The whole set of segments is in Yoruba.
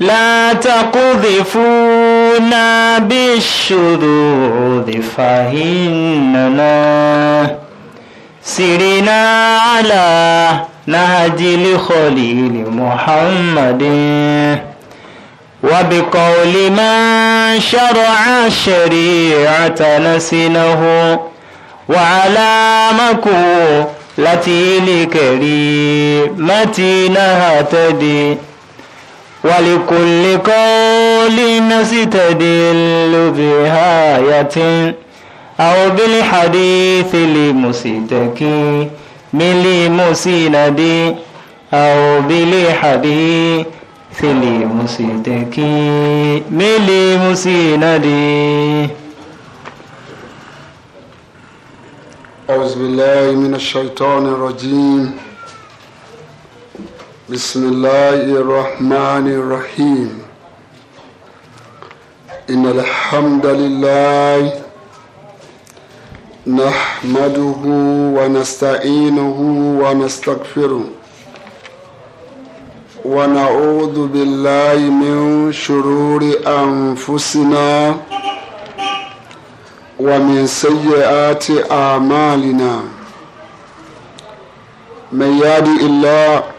لا تقذفونا بالشذوذ فإننا سرنا على نهج الخليل محمد وبقول من شرع الشريعة نسنه وعلى التي لكريمتي نهتدي ولكل قول نستدل بآية أو بالحديث لمسدك من لمسند أو بالحديث لمسدك من لمسند أعوذ بالله من الشيطان الرجيم بسم الله الرحمن الرحيم إن الحمد لله نحمده ونستعينه ونستغفره ونعوذ بالله من شرور أنفسنا ومن سيئات أعمالنا من يهد الله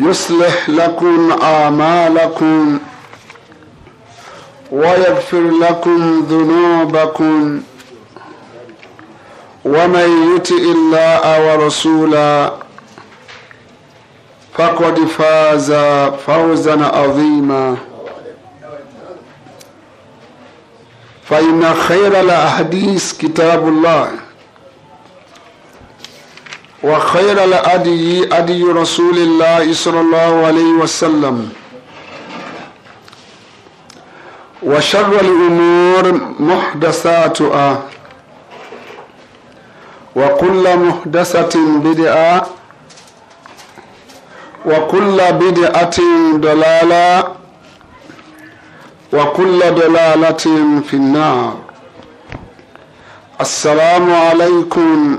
يصلح لكم اعمالكم ويغفر لكم ذنوبكم ومن يطع الله ورسوله فقد فاز فوزا عظيما فان خير الاحاديث كتاب الله وخير الأدي أدي رسول الله صلى الله عليه وسلم وشر الأمور محدثاتها وكل محدثة بدعة وكل بدعة ضلالة وكل ضلالة في النار السلام عليكم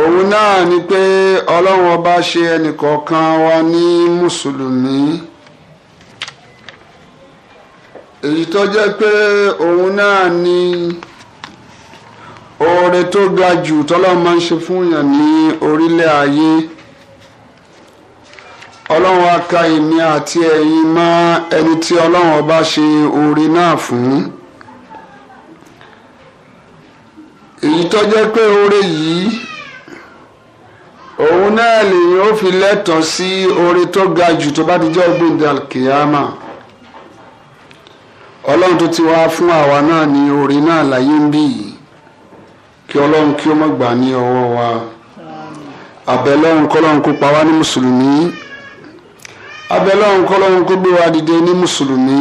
òun náà ni pé ọlọ́run ọba ṣe ẹnìkọ̀ọ̀kan wa ní mùsùlùmí èyí tó jẹ́ pé òun náà ni oore tó ga jù tọ́lọ́run máa ń ṣe fún yàn ní orílẹ̀ ayé ọlọ́run á ka èmi àti ẹ̀yin mọ́ ẹni tí ọlọ́run ọba ṣe oore náà fún. èyí tó jẹ́ pé oore yìí òun náà lèyìn ó fi lẹ́tọ̀ọ́ sí oore tó ga jù tó bá ti jẹ́ ògbéǹde alkiyama ọlọ́run tó ti wá fún àwa náà ní oore náà láyé ń bì kí ọlọ́run kí ó má gbà ní ọwọ́ wa àbẹ̀lọ́run kọ́lọ́run kó pa wá ní mùsùlùmí àbẹ̀lọ́run kọ́lọ́run kó gbé wa dìde ní mùsùlùmí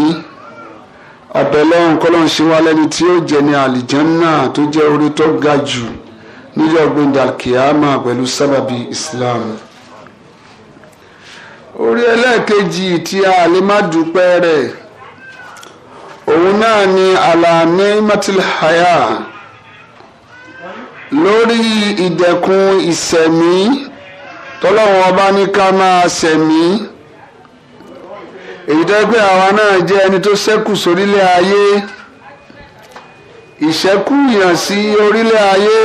àbẹ̀lọ́run kọ́lọ́run ṣe wá lẹ́ni tí ó jẹ ní àlìjẹ́nnà tó jẹ́ oore tó ga jù níjọ́ gbẹ̀ndẹ̀ alkiyama pẹ̀lú sábàbí islam orí ẹlẹ́ẹ̀kejì tí a lè má dúpẹ́ rẹ̀ òun náà ni alani matilhaya lórí ìdẹ̀kùn ìsẹ̀mí tọ́lọ́wọ́n ọba ní ká máa sẹ̀mí èyí tó pé àwa náà jẹ́ ẹni tó ṣẹ́kù sórílẹ̀ ayé ìṣẹ́kù yàn sí orílẹ̀ ayé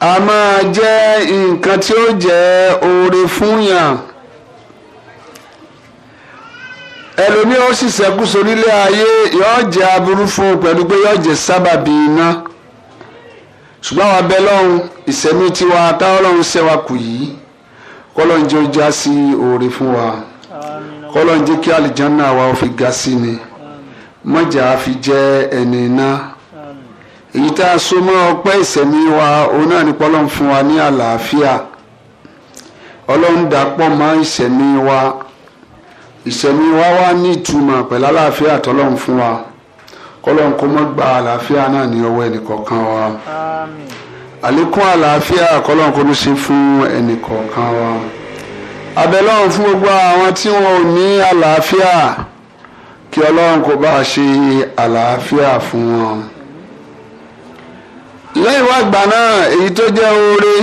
a máa jẹ́ nǹkan tí ó jẹ́ oore fún yàn ẹlòmíì ó sì ṣẹ́kù sórílẹ̀ ayé yóò jẹ́ aburú fún un pẹ̀lú pé yóò jẹ́ sábàbí iná ṣùgbọ́n àwọn abẹ́ lọ́hùn ìṣẹ́mi tiwa táwọn lọ́hùn ṣẹ́wà kù yìí kọ́lọ́njẹ́ ó já sí oore fún wa kọ́lọ́njẹ́ kí àlìjáná wa ó fi ga sí ni mọ́jà á fi jẹ́ ẹni náà èyí tá a so mọ́ ọpẹ́ ìsẹ̀mí wa òun náà ní pọ́lọ́n fún wa ní àlàáfíà ọlọ́run dàpọ̀ mọ́ ìsẹ̀mí wa ìsẹ̀mí wa wá ní ìtumọ̀ pẹ̀lú àlàáfíà tọ́lọ́run fún wa kọ́lọ́run kó mọ́ gba àlàáfíà náà ní ọwọ́ ẹnìkọ̀ọ̀kan wa àlékún àlàáfíà kọ́lọ́run kó tún ṣe fún ẹnìkọ̀ọ̀kan wa abẹ́lọ́run fún gbogbo àwọn tí wọn ò ní àlàáfíà kí ọlọ́run kó bá a ṣe àlàáfíà fún wọn lẹ́yìn wá gbà náà èyí tó jẹ́ oore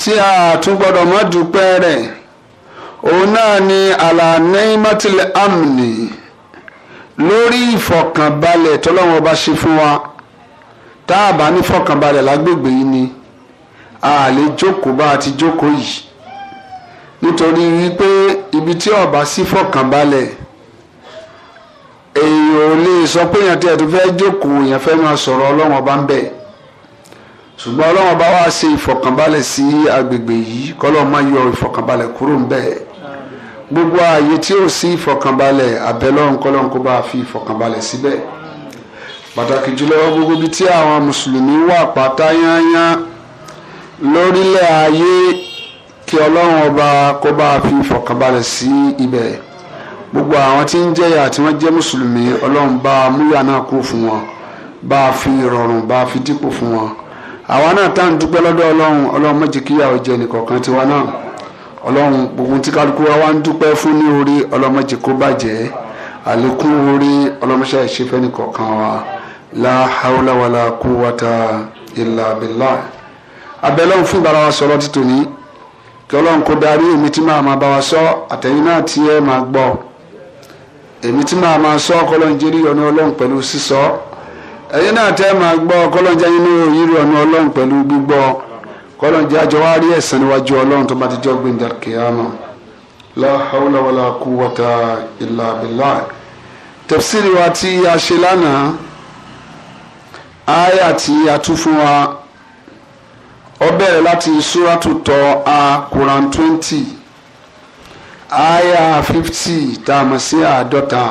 tí a tún gbọ́dọ̀ mọ́ dúpẹ́ rẹ̀ òun náà ni àlàní mọ́tìlẹ̀ amni lórí ìfọ̀kànbalẹ̀ tọ́lọ́wọ́n bá ṣe fún wa tá a bá ní fọ̀kànbalẹ̀ lágbègbè yìí ni a lè jókòó bá a ti jókòó yìí nítorí wípé ibi tí ọba sí fọ̀kànbalẹ̀ èèyàn ò lè sọ pé èèyàn tí ẹ ti fẹ́ jókòó èèyàn fẹ́ máa sọ̀rọ̀ ọlọ́run ọba ń bẹ̀ẹ́ ṣùgbọ́n ọlọ́run bá wá ṣe ìfọ̀kànbalẹ̀ sí agbègbè yìí kọ́lọ́ máa yọ ìfọ̀kànbalẹ̀ kúrò ń bẹ́ẹ̀ gbogbo ààyè tí ò sí ìfọ̀kànbalẹ̀ àbẹ̀lọ́run kọ́lọ́run kó bá fi ìfọ̀kànbalẹ̀ síbẹ̀ pàtàkì jùlọ gbogbo ibi tí àwọn mùsùlùmí wà pátá yányán lórílẹ̀ ayé kí ọlọ́run ọba kó bá fi ìfọ̀kànbalẹ̀ sí ibẹ̀ gbogbo àwọn tí ń jẹ́yà tí wọ́n jẹ́ mùsùlùmí ọlọ́run bá múyà náà kú fún wọn bá fi ìrọ̀rùn bá fi dípò fún wọn àwa náà tá à ń dúpẹ́ lọ́dọ̀ ọlọ́run ọlọ́run má jẹ́ kí ìyà ó jẹ nìkọ̀ọ̀kan tiwa náà ọlọ́run gbogbo tí kálukú wa wá ń dúpẹ́ fún ní orí ọlọ́run má kó bàjẹ́ àlékún orí ọlọ́mọṣẹ́ ìṣẹ́fẹ́ nìkọ̀ọ̀kan wa la haula wala quwwata illa billah abẹ́lẹ́hùn fún ìbára wa sọ̀rọ̀ títò ní kí ọlọ́run kó darí èmi tí màá máa bá wa sọ àtẹ̀yìn náà tí máa gbọ́ ẹ̀yin náà tẹ́ máa gbọ́ kọ́lọ́njẹ́ yín ní òyìnbó ọ̀nà ọlọ́run pẹ̀lú gbígbọ́ kọ́lọ́njẹ́ àjọ wa rí ẹ̀sán níwájú ọlọ́run tó bá ti jọ́ gbẹ̀ǹdà kìámà la hawla wala quwwata illa wa tí a ṣe lánàá aya tí a tú fún wa ó bẹ̀rẹ̀ láti suratu tọ́ a Quran twenty aya fifty tá a mọ̀ sí àádọ́ta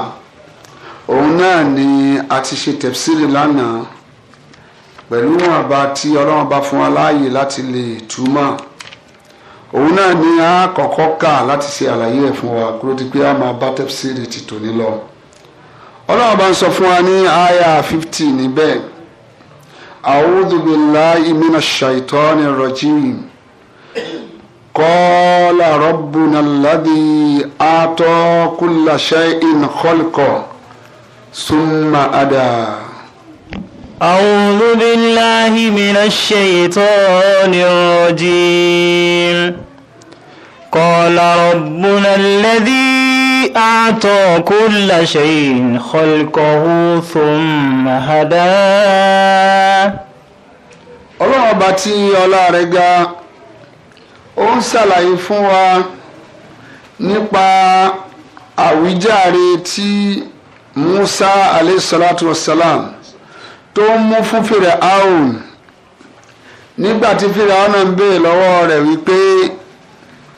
òun náà ni a ti ṣe tẹ̀síìrì lánàá pẹ̀lú àbá tí ọlọ́run bá fún wa láàyè láti lè túmọ̀ òun náà ni a kọ́kọ́ kà láti ṣe àlàyé ẹ̀ fún wa kúrò tí pé a máa bá tẹ̀síìrì ti tòní lọ ọlọ́run bá ń sọ fún wa ní aya fifty níbẹ̀ a'udhu billahi minash shaitani rajim qala rabbuna alladhi ata kulla ثم أدا أعوذ بالله من الشيطان الرجيم قال ربنا الذي أعطى كل شيء خلقه ثم هدى ọlọ́run ọba tí ọlá rẹ̀ ga ó ń ṣàlàyé fún wa nípa àwíjàre tí musa aleyhisalatu wasalam tó ń mú fún fèrè aon nígbà tí fèrè aon ń béè lọ́wọ́ rẹ̀ wípé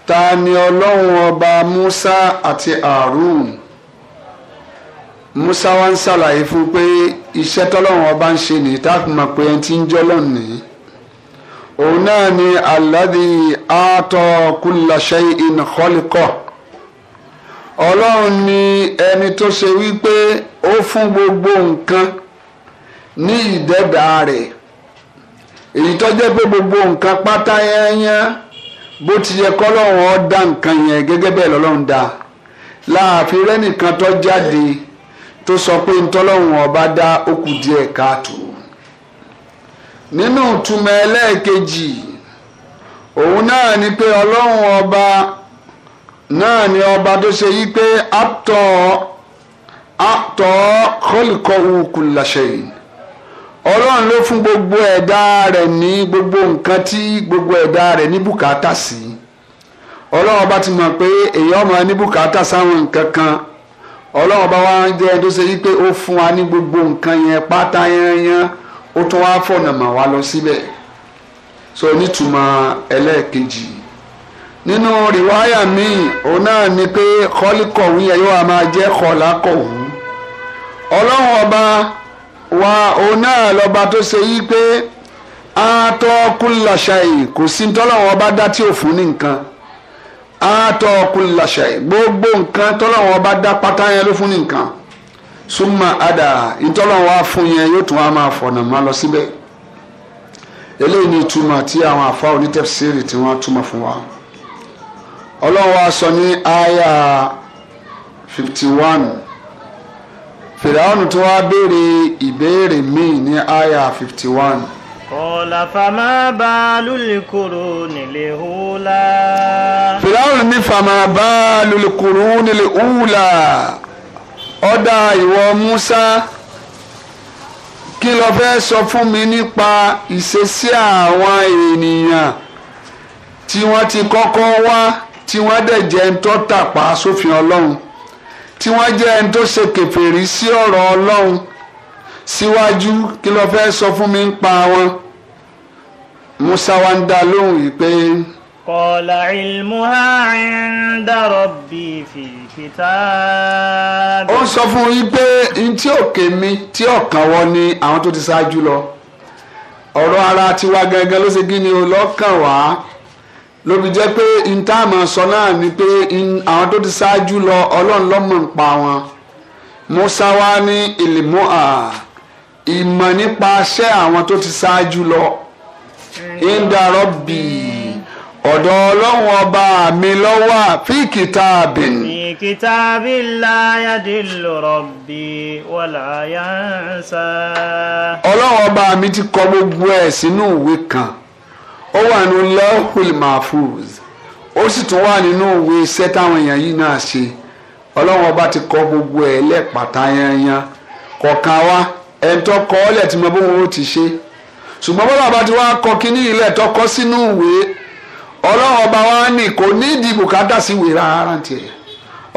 ta ni ọlọ́run ọba musa àti harun musa wa ń ṣàlàyé fún pé iṣẹ́ tọ́lọ́run ọba ń ṣe nìyí tá a fi mọ̀ pé ẹni tí ń jọ́lọ́ nìyí òun náà ni alladhi aata kulla shay'in khaliqah ọlọ́run ni ẹni tó ṣe wípé ó fún gbogbo nǹkan ní ìdẹ́dà rẹ̀ èyí tó jẹ́ pé gbogbo nǹkan pátá yẹnyẹn bó ti yẹ kọ́lọ́run ó dá nǹkan yẹn gẹ́gẹ́ bẹ́ẹ̀ lọ́lọ́run dá láàfin rẹ́nìkan tó jáde tó sọ pé ntọ́lọ́run ọba dá ó díẹ̀ káàtó nínú ìtumọ̀ ẹlẹ́ẹ̀kejì òun náà ni pé ọlọ́run ọba náà ni ọba tó ṣe yí pé aptọ aptọ kọlùkọ òkú làṣẹyìn ọlọ́run ló fún gbogbo ẹ̀dá rẹ̀ ní gbogbo nǹkan tí gbogbo ẹ̀dá rẹ̀ ní bùkátà sí ọlọ́run ọba ti mọ̀ pé èèyàn ọmọ ní bùkátà sáwọn nǹkan kan ọlọ́run ọba wa jẹ́ ẹni tó ṣe yí pé ó fún wa ní gbogbo nǹkan yẹn pátá yẹnyẹn ó tún wá fọ̀nà mà wá lọ síbẹ̀ so nítumọ̀ ẹlẹ́ẹ̀kejì yìí nínú rìwáyà míì òun náà ni pé kọ́líkọ̀wé yẹn yóò máa jẹ́ kọ̀lákọ̀wé ọlọ́run ọba wa òun náà lọ́ba tó ṣe yí pé àtọ́ kúlàṣàì kò sí tọ́lọ́run ọba dá tí ò fún ní nǹkan àtọ́ kúlàṣàì gbogbo nǹkan tọ́lọ́run ọba dá pátá yẹn ló fún ní nǹkan súnmọ́ àdà ìtọ́lọ́run wa fún yẹn yóò tún wá máa fọ̀nà má lọ síbẹ̀ eléyìí ni ìtumọ̀ tí àwọn àfa onítẹ̀fsíìrì tí wọ́n túmọ̀ fún wa ọlọ́run wa sọ ní àyà fifty one fìdáhùn tó wá béèrè ìbéèrè míì ní àyà fifty one. Kọ̀ọ̀lá fama baalu likuru nílé hula. Fìdáhùn ní fama baalu likuru nílé hula. Ọ̀dà ìwọ Musa kí ló fẹ́ sọ fún mi nípa ìṣesí àwọn ènìyàn tí wọ́n ti kọ́kọ́ wá tí wọ́n dẹ̀ jẹ́ ẹni tó tàpá sófin ọlọ́run tí wọ́n jẹ́ ẹni tó ṣe kèfèrí sí ọ̀rọ̀ ọlọ́run síwájú kí ló fẹ́ sọ fún mi ń pa wọn Musa wa ń dá lóhùn yìí pé. kọ́lá ilmuha inda rabbi fi kitab. ó ń sọ fún yín pé n tí òkè mi tí ọ̀kan wọ ni àwọn tó ti ṣáájú lọ ọ̀rọ̀ ara tiwa gẹ́gẹ́ ló ṣe kí ni o lọ́kàn wá lóbi jẹ́ pé ntaama sọ náà ni pé àwọn tó ti ṣáájú lọ ọlọ́run lọ́mọ ń pa wọn musa wá ní ìlìmọ́ à ìmọ̀ nípa iṣẹ́ àwọn tó ti ṣáájú lọ ìdàrọ́ bì ọ̀dọ̀ ọlọ́run ọba mi lọ́wọ́ fi kitabin. fi kitabin la yadillu rabbi wala yansa. ọlọ́run ọba mi ti kọ gbogbo ẹ̀ sínú ìwé kan ó wà nínú lawhul mahfuz ó sì tún wà nínú òwe iṣẹ́ táwọn èèyàn yìí náà ṣe ọlọ́run ọba ti kọ gbogbo ẹ̀ lẹ́ẹ̀pàtà yanyan kọ̀ọ̀kan wa ẹni tó kọ ọ́ lẹ̀ tí mo bóun ó ti ṣe ṣùgbọ́n bọ́lá ọba ti wá kọ kínní ilẹ̀ tó kọ sínú ìwé ọlọ́run ọba wa ní kò ní ìdí bùkátà sí ìwé rárá tiẹ̀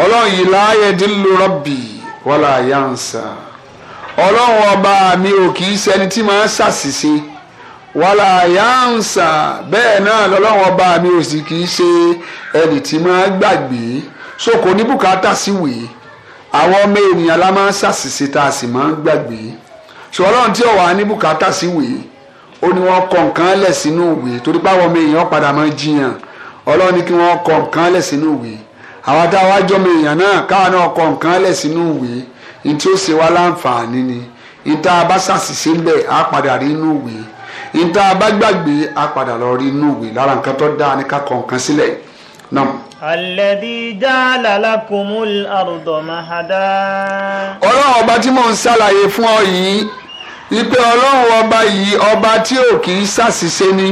ọlọ́run yìí láàyè dín ló rọ́bì wọ́lá yánsa ọlọ́run ọba mi ò kì í ṣẹni tí màá ṣàṣìṣe wàlà yáǹsà bẹ́ẹ̀ náà lọ́lọ́wọ́ bá mi ò sì kì í ṣe ẹnì tí máa gbàgbé so kò ní bùkátà sí wèé àwọn ọmọ ènìyàn la máa ń ṣàṣìṣe tá a sì máa ń gbàgbé so ọlọ́run tí ó wà ní bùkátà sí wèé ó ní wọ́n kọ nǹkan lẹ̀ sínú ìwé torí báwọn ọmọ èèyàn padà máa jiyàn ọlọ́run ní kí wọ́n kọ nǹkan lẹ̀ sínú ìwé àwọn táwa jọmọ èèyàn náà káwọn náà kọ nǹkan lẹ̀ sínú ìwé ní tí ó ṣe wá láǹfààní ni ìta bá ṣàṣìṣe ń bẹ̀ á padà rí inú ìwé níta bá gbàgbé a padà lọ rí inú ìwé lára nǹkan tó dáa ní ká kọ nǹkan sílẹ̀ náà. Àlẹ́dí ja'ala lakumul arda mahada. Ọlọ́run ọba tí mò ń ṣàlàyé fún ọ yìí ipe ọlọ́run ọba yìí ọba tí ò kì í ṣàṣìṣe ni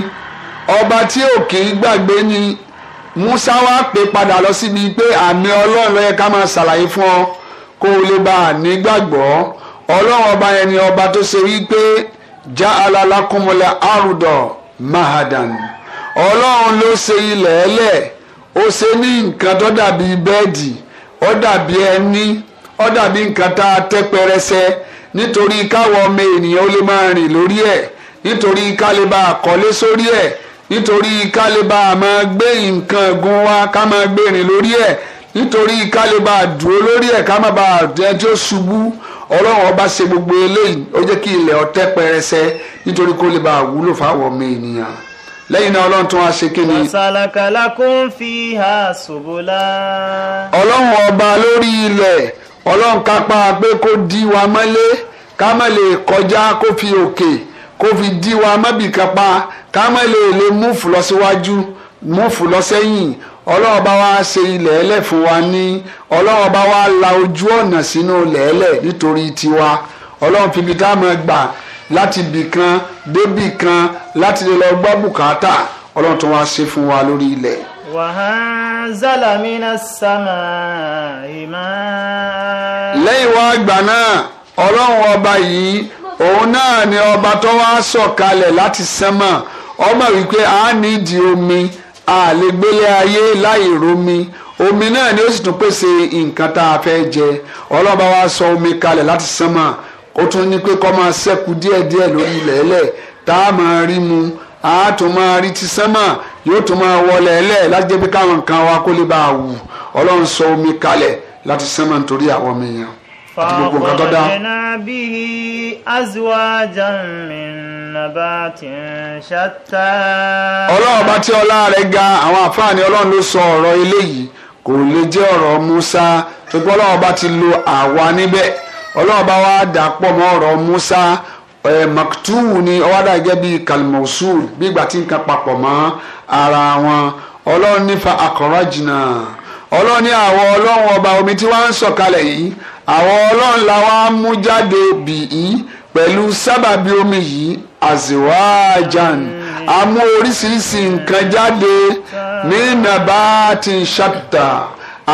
ọba tí ò kì í gbàgbé ni Musa wá pè padà lọ síbi pé àmì ọlọ́run ló ká máa ṣàlàyé fún ọ kó o lè bá a nígbàgbọ́ ọlọ́run ọba yẹn ni ọba tó ṣe wípé ja'ala lakumul arda mahadan ọlọ́run ló ṣe ilẹ̀ ẹlẹ̀ ó ṣe ní nǹkan tó dàbí bẹ́ẹ̀dì ó dàbí ẹni ó dàbí nǹkan tá a tẹ́ pẹrẹsẹ nítorí káwọn ọmọ ènìyàn ó lè máa rìn lórí ẹ̀ nítorí ká lè bá àkọ́lé sórí ẹ̀ nítorí ká lè bá a máa gbé nǹkan gun wa ká máa gbé rìn lórí ẹ̀ nítorí ká lè bá a dúró lórí ẹ̀ ká má bá a jẹ́ tí ṣubú ọlọ́run ọba ṣe gbogbo eléyìí ó jẹ́ kí ilẹ̀ ọ̀tẹ́ pẹrẹsẹ nítorí kó lè bá wúlò fáwọn ọmọ ènìyàn lẹ́yìn náà ọlọ́run tún wá ṣe kí ni. wàsálàkàlà kò ń fi ha ṣòbólà. ọlọ́run ọba lórí ilẹ̀ ọlọ́run kápá pé kó dí wa mọ́lé ká má lè kọjá kó fi òkè kó fi dí wa mọ́bì ká má lè lè múfù lọ síwájú múfù lọ sẹ́yìn ọlọ́run bá wá ṣe ilẹ̀ ẹlẹ̀ fún wa ní ọlọ́run bá wá la ojú ọ̀nà sínú ilẹ̀ nítorí tiwa ọlọ́run fi ibi tá máa gbà láti ibì kan débì kan láti lè lọ gbọ́ bùkátà ọlọ́run tó wá ṣe fún wa lórí ilẹ̀. wàhánzálà mi náà sàmà ìmọ̀. lẹ́yìn wá àgbà náà ọlọ́run ọba yìí òun náà ni ọba tó wá sọ̀kalẹ̀ láti sánmà ọmọ wípé a nídìí omi. a lè gbélé ayé láì romi omi náà ni ó sì tún pèsè nǹkan tá a fẹ́ jẹ ọlọ́run bá wa sọ omi kalẹ̀ láti sánmà ó tún ní pé kó máa ṣẹ́kù díẹ̀díẹ̀ lórí ilẹ̀ẹ́lẹ̀ tá a máa rí mu a tún máa rí ti sánmà yóò tún máa wọlé ẹlẹ́ láti jẹ́ pé káwọn nǹkan wa kó lè bá a wù ọlọ́run sọ omi kalẹ̀ láti sánmà nítorí àwọn ọmọ èèyàn. فأخرجنا به أزواجا من ọlọ́run bá tí ọlá rẹ̀ ga àwọn àfáàní ọlọ́run ló sọ kò lè jẹ́ ọ̀rọ̀ Musa tó gbọ́ ti lo àwa níbẹ̀ ọlọ́run bá wá dà pọ̀ mọ́ ọ̀rọ̀ Musa maktubu ni ọwọ́ dà gẹ́gẹ́ bíi kalmosul bí ìgbà tí nǹkan papọ̀ mọ́ ara wọn ọlọ́run nífa àkọ́rọ́ jìnnà ọlọ́run ní àwọ̀ ọlọ́run ọba omi tí wọ́n ń sọ̀kalẹ̀ yìí àwọn ọlọ́run làwọn mú jáde bì í pẹ̀lú sábàbí omi yìí aziwajan a mú oríṣiríṣi nǹkan jáde ní nabati shatta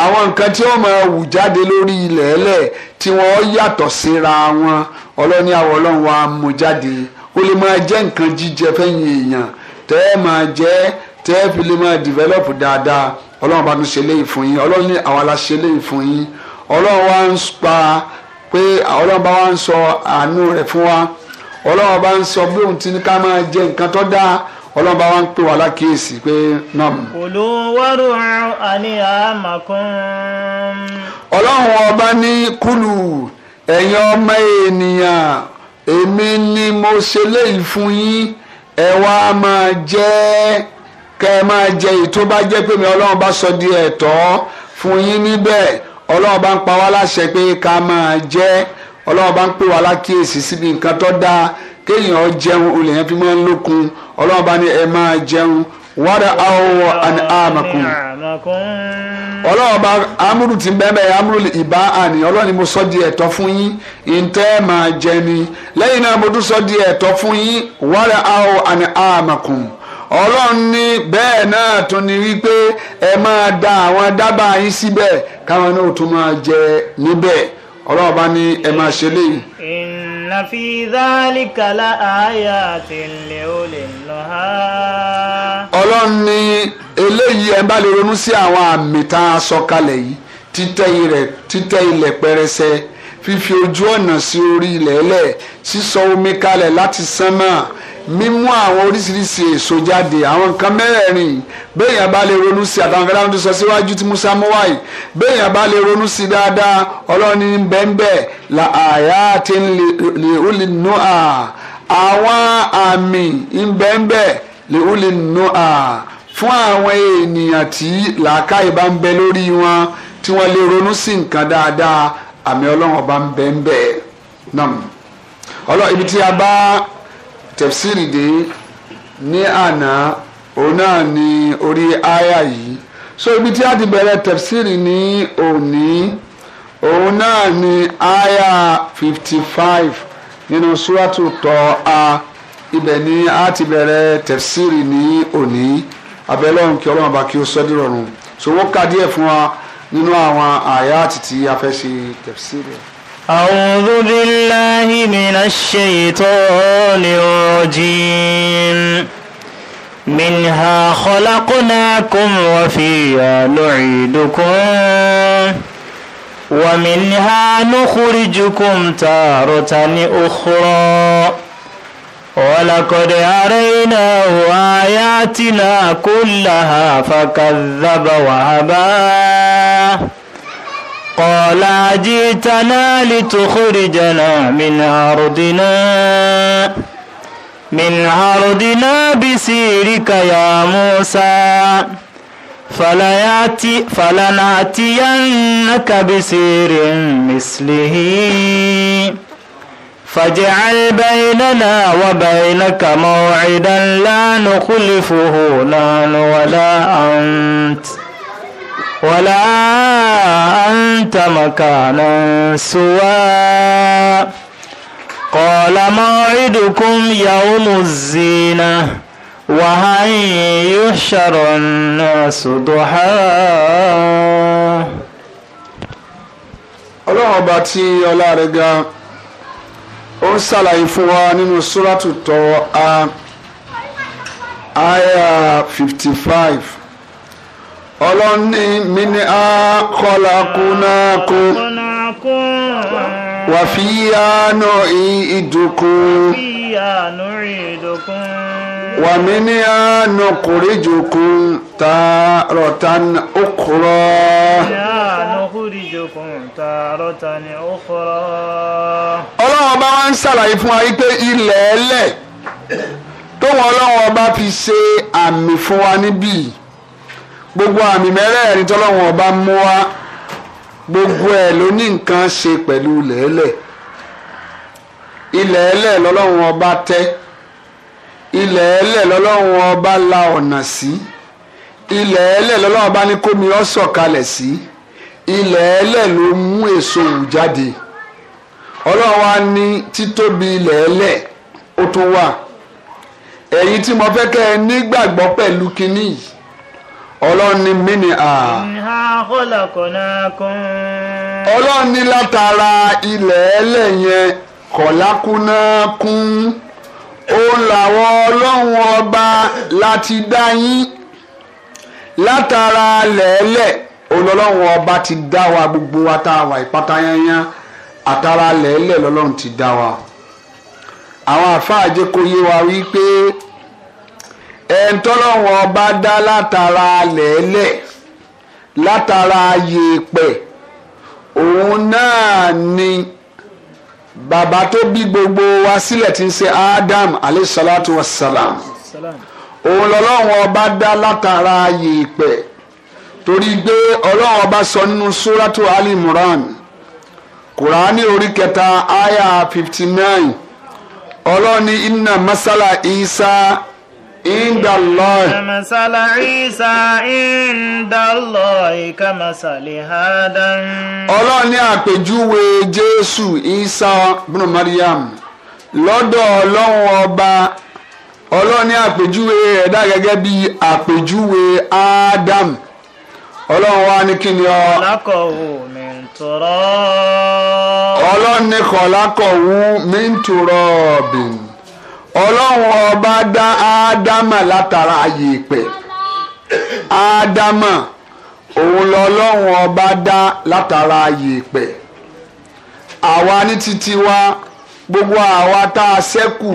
àwọn nǹkan tí wọ́n máa wù jáde lórí ilẹ̀ ẹlẹ̀ tí wọ́n yàtọ̀ síra wọn ọlọ́ni àwọn ọlọ́run wa mú jáde kó lè máa jẹ́ nǹkan jíjẹ fẹ́yìn èèyàn tẹ́ ẹ máa jẹ́ tẹ́ ẹ fi lè máa dìvẹ́lọ́pù dáadáa ọlọ́run bá tún ṣe léyìí fún yín ọlọ́run ní àwa la ṣe fún yín ọlọ́run wa ń pa pé ọlọ́run bá wa ń sọ àánú rẹ̀ fún wa ọlọ́run bá ń sọ bí òun ti ní ká máa jẹ nǹkan tó dáa ọlọ́run bá wa ń pè wá lákìyèsí pé nam. kulu war'u an'amakum. ọlọ́run ọba ní kulu ẹ̀yin ọmọ ènìyàn èmi ni mo ṣe léyìí fún yín ẹ wá máa jẹ kẹ máa jẹ èyí bá jẹ pé mi ọlọ́run bá sọ di ẹ̀tọ́ fún yín níbẹ̀ ọlọ́run bá ń pa wá láṣẹ pé ká máa jẹ́ ọlọ́run bá ń pè wá lákíyèsí síbi nǹkan tó dáa kéèyàn jẹun olè yẹn fi máa ń lókun ọlọ́run bá ní ẹ máa jẹun wàdà àwọ̀ àni àmàkùn. ọlọ́run bá amúrù ti bẹ́ẹ̀ amúrù ìbá àní ọlọ́run ni mo sọ di ẹ̀tọ́ fún yín ntẹ́ máa jẹ ni lẹ́yìn náà mo tún sọ di ẹ̀tọ́ fún yín wàdà àwọ̀ àni àmàkùn. ọlọ́run ní bẹ́ẹ̀ náà tún ni wípé ẹ máa da àwọn dábàá yín síbẹ̀ káwọn náà tún máa jẹ níbẹ̀ ọlọ́run bá ní ẹ máa ṣe léyìí. inna fi dhalika la ayatin li ulil nuha. ọlọ́run ní eléyìí ẹ bá lè ronú sí àwọn àmì tá a sọ kalẹ̀ yìí títẹ́ ilẹ̀ pẹrẹsẹ fífi ojú ọ̀nà sí orí ilẹ̀ ẹlẹ̀ sísọ omi kalẹ̀ láti sánmà mímú àwọn oríṣiríṣi èso jáde àwọn nǹkan mẹ́rẹ̀ẹ̀rin béèyàn bá lè ronú sí àtàwọn fẹ́ràn tó sọ síwájú tí Musa mú wáyé béèyàn bá lè ronú sí dáadáa ọlọ́ọ̀ni bẹ́ńbẹ́ la àyà ti ń lè ó lè nú à àwọn àmì ń bẹ́ńbẹ́ lè ó lè nú à fún àwọn ènìyàn tí làákàyè bá ń bẹ lórí wọn tí wọ́n lè ronú sí nǹkan dáadáa àmì ọlọ́run ọba ń bẹ́ńbẹ́ náà ọlọ́ ibi tí a bá tẹ̀síìrì dé ní àná òun náà ni orí aya yìí so ibi tí a ti bẹ̀rẹ̀ tẹ̀síìrì ní òní òun náà ni aya fifty five nínú súrátù tọ́ a ibẹ̀ ni a ti bẹ̀rẹ̀ tẹ̀síìrì ní òní abẹ́lọ́run kí ọlọ́run bá kí ó sọ́ dìrọ̀rùn so wọ́n kà díẹ̀ fún wa nínú àwọn àyà àti tí a fẹ́ ṣe tẹ̀síìrì. أعوذ بالله من الشيطان الرجيم منها خلقناكم وفيها نعيدكم ومنها نخرجكم تارة أخرى ولقد أريناه آياتنا كلها فكذب وأباه قال جئتنا لتخرجنا من أرضنا من أرضنا بسيرك يا موسى فليأتي فلنأتينك بسير مثله فاجعل بيننا وبينك موعدا لا نخلفه نحن ولا أنت ولا أنت مكانا سوى قال موعدكم يوم الزينة وهن يحشر الناس ضحى ọlọ́run ọba tí ọlá rẹ̀ ga ó ń ṣàlàyé fún wa nínú sóràtútọ́ a aya fifty five ọlọ́ni mi ni a kọ́lá kúnákú wà fi yánà ìdùkú wà mí ni a nà kúrí jùkú tààrọ̀ tán òkúrọ̀. ọlọ́run bá wá ń ṣàlàyé fún wa wípé ilẹ̀ ẹlẹ̀ tó wọn ọlọ́run ọba fi ṣe àmì fún wa níbí gbogbo àmì mẹ́rẹ̀ẹ̀rin tọ́lọ́wọ́n ọba mú wa gbogbo ẹ̀ ló ní nǹkan ṣe pẹ̀lú ilẹ̀ ẹlẹ̀ ọba tẹ́ ilẹ̀ ọba la ọ̀nà sí ilẹ̀ ẹlẹ̀ ọba ní kómi ọ̀sọ̀ kalẹ̀ sí ló mú èso wù wa ní títóbi ó wà ọlọ́run ní mí ni à. ọlọ́run ní látara ilẹ̀ ẹlẹ̀ yẹn kọ̀lákúnákún ó làwọn ọlọ́run ọba láti dá yín látara lẹ́ẹ̀lẹ̀ ọlọ́run ọba ti dá wa gbogbo wa tá a wà ìpátá àtara lẹ́ẹ̀lẹ̀ lọ́lọ́run ti dá wa àwọn àfáà yé wa wí ẹ̀ńtọ́lọ́wọ́n ọba dá látara lẹ́lẹ̀ látara yèèpẹ̀ òun náà ni bàbá tó bí gbogbo wa sílẹ̀ tí ń ṣe Adam aleyhisalatu wasalam òun ọba dá látara yèèpẹ̀ torí gbé ọlọ́wọ́ ọba sọ nínú suratu kùránì aya fifty nine ọlọ́ni masala isa. عند الله مثل عيسى عند الله كمثل آدم ọlọ́run ní àpèjúwe jésù isa bùnú mariam lọ́dọ̀ ọlọ́run ọba ọlọ́run ní àpèjúwe ẹ̀dá gẹ́gẹ́ bí àpèjúwe adam ọlọ́run wa ní kí ni ọ. kọ̀lákọ̀wù mi ń tọrọ. ọlọ́run ní kọ̀lákọ̀wù mi ń tọrọ bìn ọlọ́run ọba dá ádámà látara yèèpẹ̀ ádámà òun lọ́lọ́run ọba dá látara yèèpẹ̀ àwa ní títí wa gbogbo àwa tá a ṣẹ́kù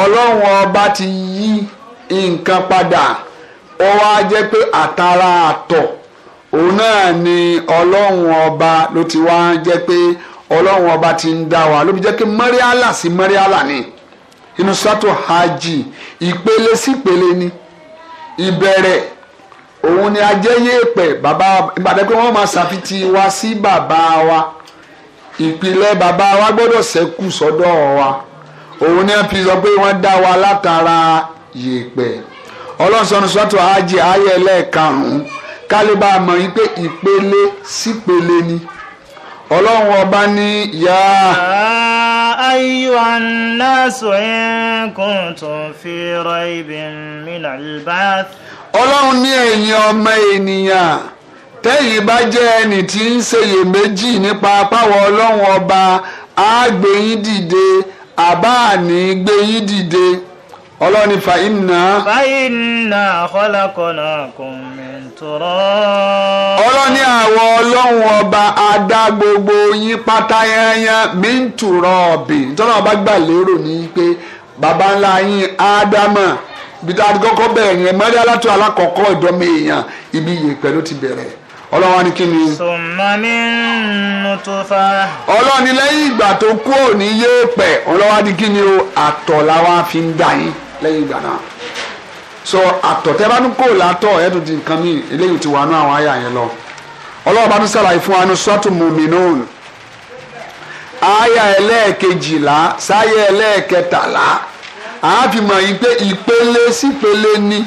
ọlọ́run ọba ti yí nǹkan padà ó wá jẹ́ pé àtara àtọ̀ òun náà ni ọlọ́run ọba ló ti wá jẹ́ pé ọlọ́run ọba ti ń dá wa ló fi jẹ́ pé mọ́ríálà sí mọ́ríálà ni. Si inú sọ́tò hajj ìpele sípele ni ìbẹ̀rẹ̀ òun ni ajẹ́yẹ̀pẹ̀ bàbá ìbàdàn pé wọ́n máa ṣàfitì wa sí bàbá wa ìpìlẹ̀ bàbá wa gbọ́dọ̀ ṣẹ́kù sọ́dọ̀ wa òun ni wọ́n fi sọ pé wọ́n dá wa látara yèpẹ̀ ọlọ́sọ̀nù sọ́tò hajj ayẹ̀lẹ̀ karùn-ún kálíbà mọ̀ wípé ìpele sípele ni. Si ọlọ́run ọba ní ya. ayyuhan nasu in kuntum fi raybin minal ba'th. ọlọ́run ní ẹ̀yin ọmọ ènìyàn tẹ́yìn bá jẹ́ ẹni tí ń ṣèyèméjì nípa apáwọ̀ ọlọ́run ọba á gbé dìde àbá àní gbé dìde ọlọ́ni fa iná. fa iná kọ́lákọ́lá kùmìntúrọ́. ọlọ́ni àwọ̀ ọlọ́run ọba adá gbogbo yín pátá yányán mìntúrọ́ ọ̀bì nítorí àwọn bá gbà lérò ní pé baba ńlá yín ádámà bíi àdìgọ́kọ́ bẹ̀rẹ̀ yẹn mọ́rí alátó alákọ̀ọ́kọ́ ìdọ́mọ èèyàn ibi yèèpẹ̀ ló ti bẹ̀rẹ̀ ọlọ́wọ́n ni kí ni. sùnmọ́mí nùtúfà. ọlọ́ọ̀ni lẹ́yìn ìgbà tó kú òní yéèpẹ̀ ọlọ́wọ́n kí ni o àtọ̀ làwọn fi ń dà yín lẹ́yìn ìgbà náà so àtọ̀tẹ́ bá tún kó látọ̀ ẹ̀ tún di nǹkan míì eléyìí ti wà nú àwọn àyà yẹn lọ ọlọ́run bá tún sàlàyé fún wa ní sọ́ọ̀tù mùmínún àyà ẹlẹ́ẹ̀kejìlá sáyà ẹlẹ́ẹ̀kẹtàlá àáfìmọ̀ ìpè ìpele sípele ni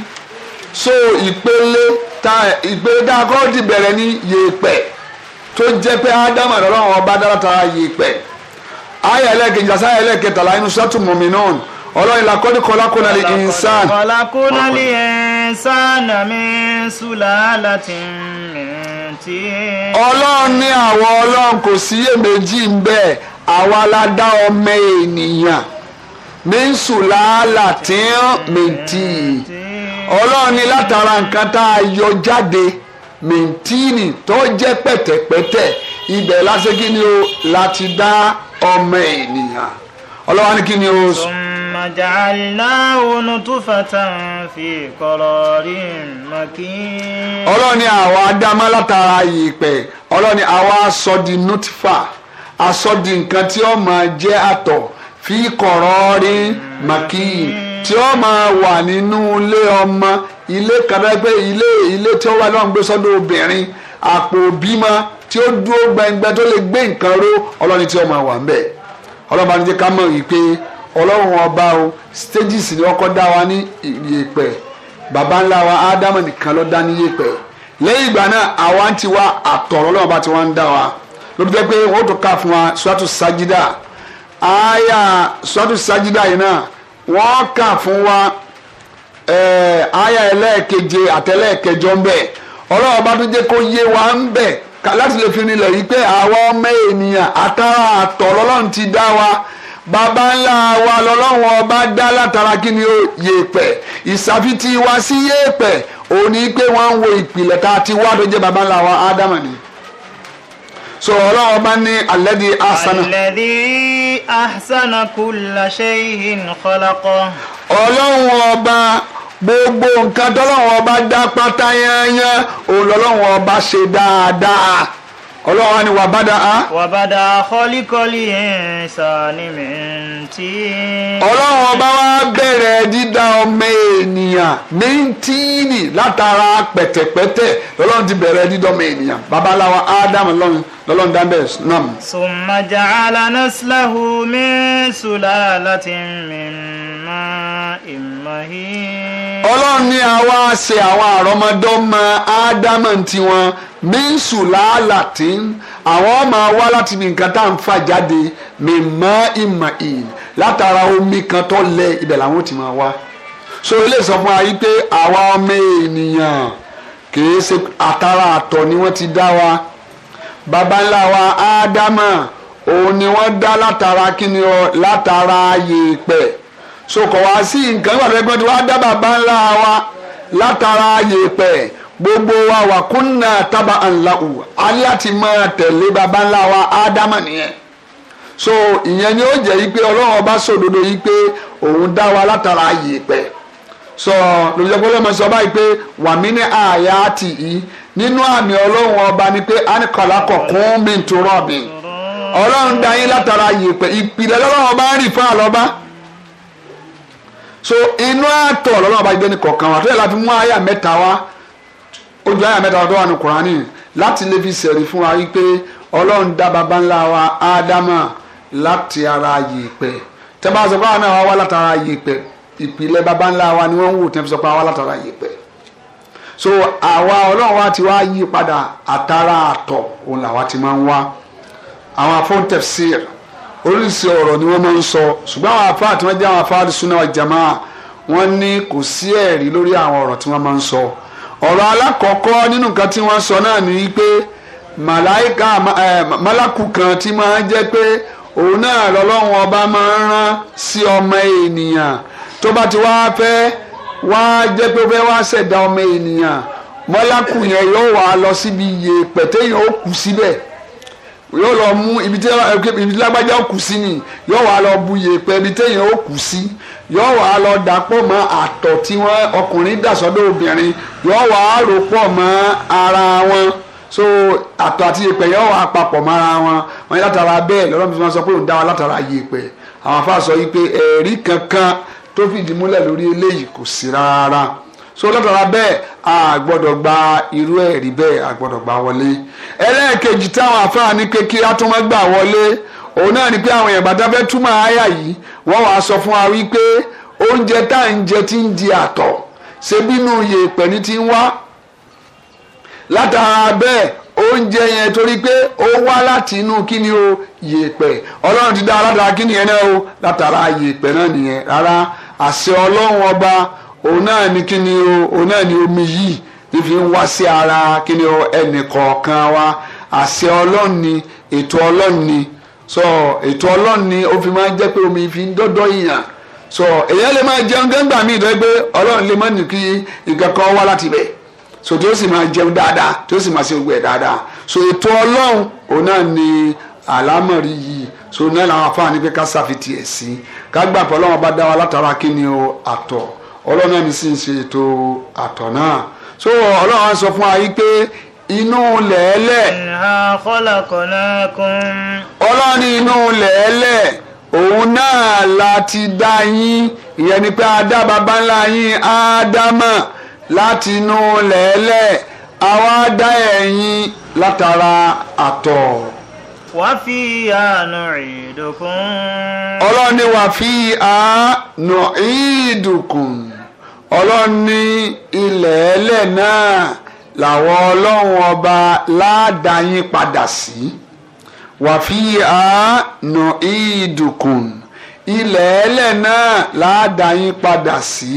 so ìpele ta ìpele tá a kọ́ ti bẹ̀rẹ̀ ní yèèpẹ̀ tó jẹ́ pé ádámù ọlọ́run ọba dára tara yèèpẹ̀ àyà ẹlẹ́ẹ̀kejìlá sáyà ẹlẹ́ẹ̀kẹtàlá inú sọ́ọ̀tù mùmínún ọlọ́run làkọ́dí kọlákọ́nà lè ìnsán. kọlákọ́nà lè ìnsán mi sùlá láti tí. ọlọ́run ní àwọn ọlọ́run kò síyèméjì ń bẹ́ẹ̀ àwa la dá ọmọ ènìyàn mi sùlá láti mìtì. ọlọ́run ní látara nǹkan tá a yọ jáde mìtìnì tó jẹ́ pẹ̀tẹ̀pẹ̀tẹ̀ ibẹ̀ lásìkò ni o láti dá ọmọ ènìyàn ọlọ́run ní kí ni o ja'alnahu nutfatan fi qararin makin. ọlọ́ni àwa adámá látara yìípẹ̀ ọlọ́ni àwa asọ́di nutfa asọ́di nǹkan tí ó máa jẹ́ àtọ̀ fi qararin makin tí ó máa wà nínú ilé ọmọ ilé kan bẹ́ẹ̀ pé ilé ilé tí ó wà lọ́n gbé sọ́dọ̀ obìnrin àpò bímọ tí ó dúró gbẹngbẹ tó lè gbé nǹkan ró ọlọ́ni tí ó máa wà ń bẹ̀ ọlọ́ba ní jẹ́ ká mọ̀ wípé ọlọ́run ọba o stages ni ọkọ dá wa ní yèèpẹ̀ baba ńlá wa ádámù nìkan dá ní yèèpẹ̀ lẹ́yìn ìgbà náà àwa ń ti wá àtọ̀rọ̀ ọlọ́run ọba ń dá wa lóbi jẹ́ pé wọ́n tún ká fún wa sajida sajida yìí náà wọ́n kà fún wa aya ẹlẹ́ẹ̀keje àtẹlẹ́ẹ̀kẹjọ ń bẹ̀ ọlọ́run ọba tún jẹ́ yé wa ń bàbá ńlá wa lọ́lọ́run ọba dá látara kí ni yèèpẹ̀ ìsàfitì wa sí yèèpẹ̀ òun ni pé wọ́n ń wo ìpìlẹ̀ tá ti wá tó jẹ́ ńlá wa ádámà ni so ọlọ́run ọba ní alẹ́dí asana. alẹ́dí asana kulla shay'in khalaqa. ọlọ́run ọba gbogbo nǹkan tọ́lọ́run ọba dá pátá yányán òun lọ́lọ́run ọba ṣe dáadáa ọlọ́wọ́ ni wà bàdà á. wà bàdà kọ́líkọ́lì ẹ̀ẹ́sà ni mi ọlọ́wọ́ bá wá bẹ̀rẹ̀ dídá ọmọ ènìyàn méńtìínì látara pẹ̀tẹ̀pẹ̀tẹ̀ lọ́lọ́run ti bẹ̀rẹ̀ dídá ọmọ ènìyàn babaláwa ádámù lọ́run lọ́lọ́run dábẹ̀ nam. summa ja'ala naslahu min sulalatin min ma'in mahin. ọlọ́run ní àwa ṣe àwọn àrọ́mọdọ́mọ ádámù tiwọn min sulalatin àwọn máa wá láti nǹkan tá à ń fà jáde min ma'in mahin látara omi kan tó lẹ ibẹ̀ làwọn ti máa wá so ilé fún wa yìí pé àwa ọmọ ènìyàn kìí ṣe àtàrà àtọ̀ ni wọ́n ti dá wa baba ńlá wa ádámà òun ni wọ́n dá látara kíni ọ látara yèèpẹ̀ so kọ̀ wá sí nǹkan nígbà tó yẹ kí wọ́n dá baba ńlá wa látara yèèpẹ̀ gbogbo wa wà kúnnà tábà ńlá wù á láti máa tẹ̀lé baba ńlá wa ádámà nìyẹn so ìyẹn ni ó jẹ́ yí pé ọlọ́run ọba sòdodo yí pé òun dá wa látara yèèpẹ̀ sọ lójú sọ báyìí pé ní àyà àti yìí nínú àmì ọlọ́run ọba ni pé mi tó ọlọ́run dá yín látara ìpìlẹ̀ lọ́lọ́run ọba ń rìn fún àlọ́ba so inú àtọ̀ lọ́lọ́run ọba gbé ní kọ̀ọ̀kan wa tó yẹ mú àyà mẹ́ta ojú àyà mẹ́ta tó wà ní kùránì láti lè fi sẹ̀rí fún wa baba ńlá wa ádámà láti ara yèèpẹ̀ tẹ́ bá sọ pé àwọn náà wá wá látara yèèpẹ̀ ìpìlẹ̀ baba ńlá wa ni wọ́n ń wò tẹ́ fi sọ pé àwa látara yèèpẹ̀ so àwa ọlọ́run wa ti wá yí padà àtàrà àtọ̀ òun làwa ti máa ń wá àwọn afọ́ntẹ̀fsíìr oríṣi ọ̀rọ̀ ni wọ́n máa ń sọ ṣùgbọ́n àwọn afá tí wọ́n jẹ́ àwọn afá sunna wal jamaa ní kò sí ẹ̀rí lórí àwọn ọ̀rọ̀ tí wọ́n máa ń sọ ọ̀rọ̀ alákọ̀ọ́kọ́ nínú nǹkan tí wọ́n sọ náà ni pé màláìka eh, málákù kan tí máa ń jẹ́ pé òun náà lọ́lọ́run ọba máa ń rán sí ọmọ ènìyàn tó bá ti wá fẹ́ wá jẹ́ pé ó fẹ́ wá ṣẹ̀dá ọmọ ènìyàn mọ́lákù yẹn yóò wá lọ síbi iye pẹ̀tẹ́yìn ó kù síbẹ̀ yóò lọ mú ibi tí lágbájá ó kù sí ni yóò wá lọ bu iye pẹ̀ ibi tẹ́yìn ó kù sí yóò wá lọ dàpọ̀ mọ́ àtọ̀ tí wọ́n ọkùnrin dà obìnrin yóò wá rò pọ̀ mọ́ ara wọn so àtọ̀ àti yèpẹ̀ yẹn wà papọ̀ mọ́ra wọn wọn yẹn látara bẹ́ẹ̀ lọ́dọ̀ mi sọ pé òun dá wa látara yèpẹ̀ àwọn afa sọ yìí pé ẹ̀rí kankan tó fìdí múlẹ̀ lórí eléyìí kò sí rárá so látara bẹ́ẹ̀ a gbọ́dọ̀ gba irú ẹ̀rí bẹ́ẹ̀ a gbọ́dọ̀ gba wọlé ẹlẹ́ẹ̀kejì táwọn afa ní pé kí a tún má gbà wọlé òun náà ni pé àwọn èèyàn bàtà fẹ́ túmọ̀ àyà yìí wọ́n wàá sọ fún wa wípé oúnjẹ tá ń jẹ ti ń di àtọ̀ ṣe bínú yèèpẹ̀ ní ti ń wá látara bẹ́ẹ̀ oúnjẹ yẹn torí pé ó wá láti inú kíni o yèèpẹ̀ ọlọ́run ti dá aládàá kíni yẹn náà o látara yèèpẹ̀ náà nìyẹn rárá àṣẹ ọlọ́run ọba òun náà ni kíni o òun náà ni omi yìí nífi ń wá sí ara kíni o ẹnì kọ̀ọ̀kan wa àṣẹ ọlọ́run ni ètò ọlọ́run ni so ètò ọlọ́run ni ó fi máa ń jẹ́ pé omi fi ń dọ́dọ́ yìnyàn so èèyàn lè máa jẹun gẹ́gbà míì tó yẹ pé ọlọ́run lè má nìkí nǹkan kan wá láti bẹ́ẹ̀ so tí ó sì máa jẹun dáadáa tí ó sì máa ṣe gbogbo dáadáa so ètò ọlọ́run òun náà ni àlámọ̀rí yìí so náà làwọn afáàní pé ká ṣàfitì ẹ̀ sí ká gbà pé ọlọ́run bá dá wa látara kí ni o àtọ̀ ọlọ́run náà ni sì ń ṣe ètò àtọ̀ náà so ọlọ́run á sọ fún wa yìí pé inú lẹ̀ẹ́lẹ̀. ọlọ́run ní inú lẹ̀ẹ́lẹ̀ òun náà la ti dá yín ìyẹn ni pé adá baba ńlá yín láti inú lẹ́lẹ̀ àwa dá ẹ̀yin látara àtọ̀. wàá fi àánú ìdùnkùn. ọlọ́run ní wàá fi àánú ìdùnkùn ọlọ́run ní ilẹ̀ ẹlẹ̀ náà làwọn ọlọ́run ọba láàdá yín padà sí. Si wàfíà nù ìdùkùn ilẹ̀ ẹlẹ̀ náà láàdá padà sí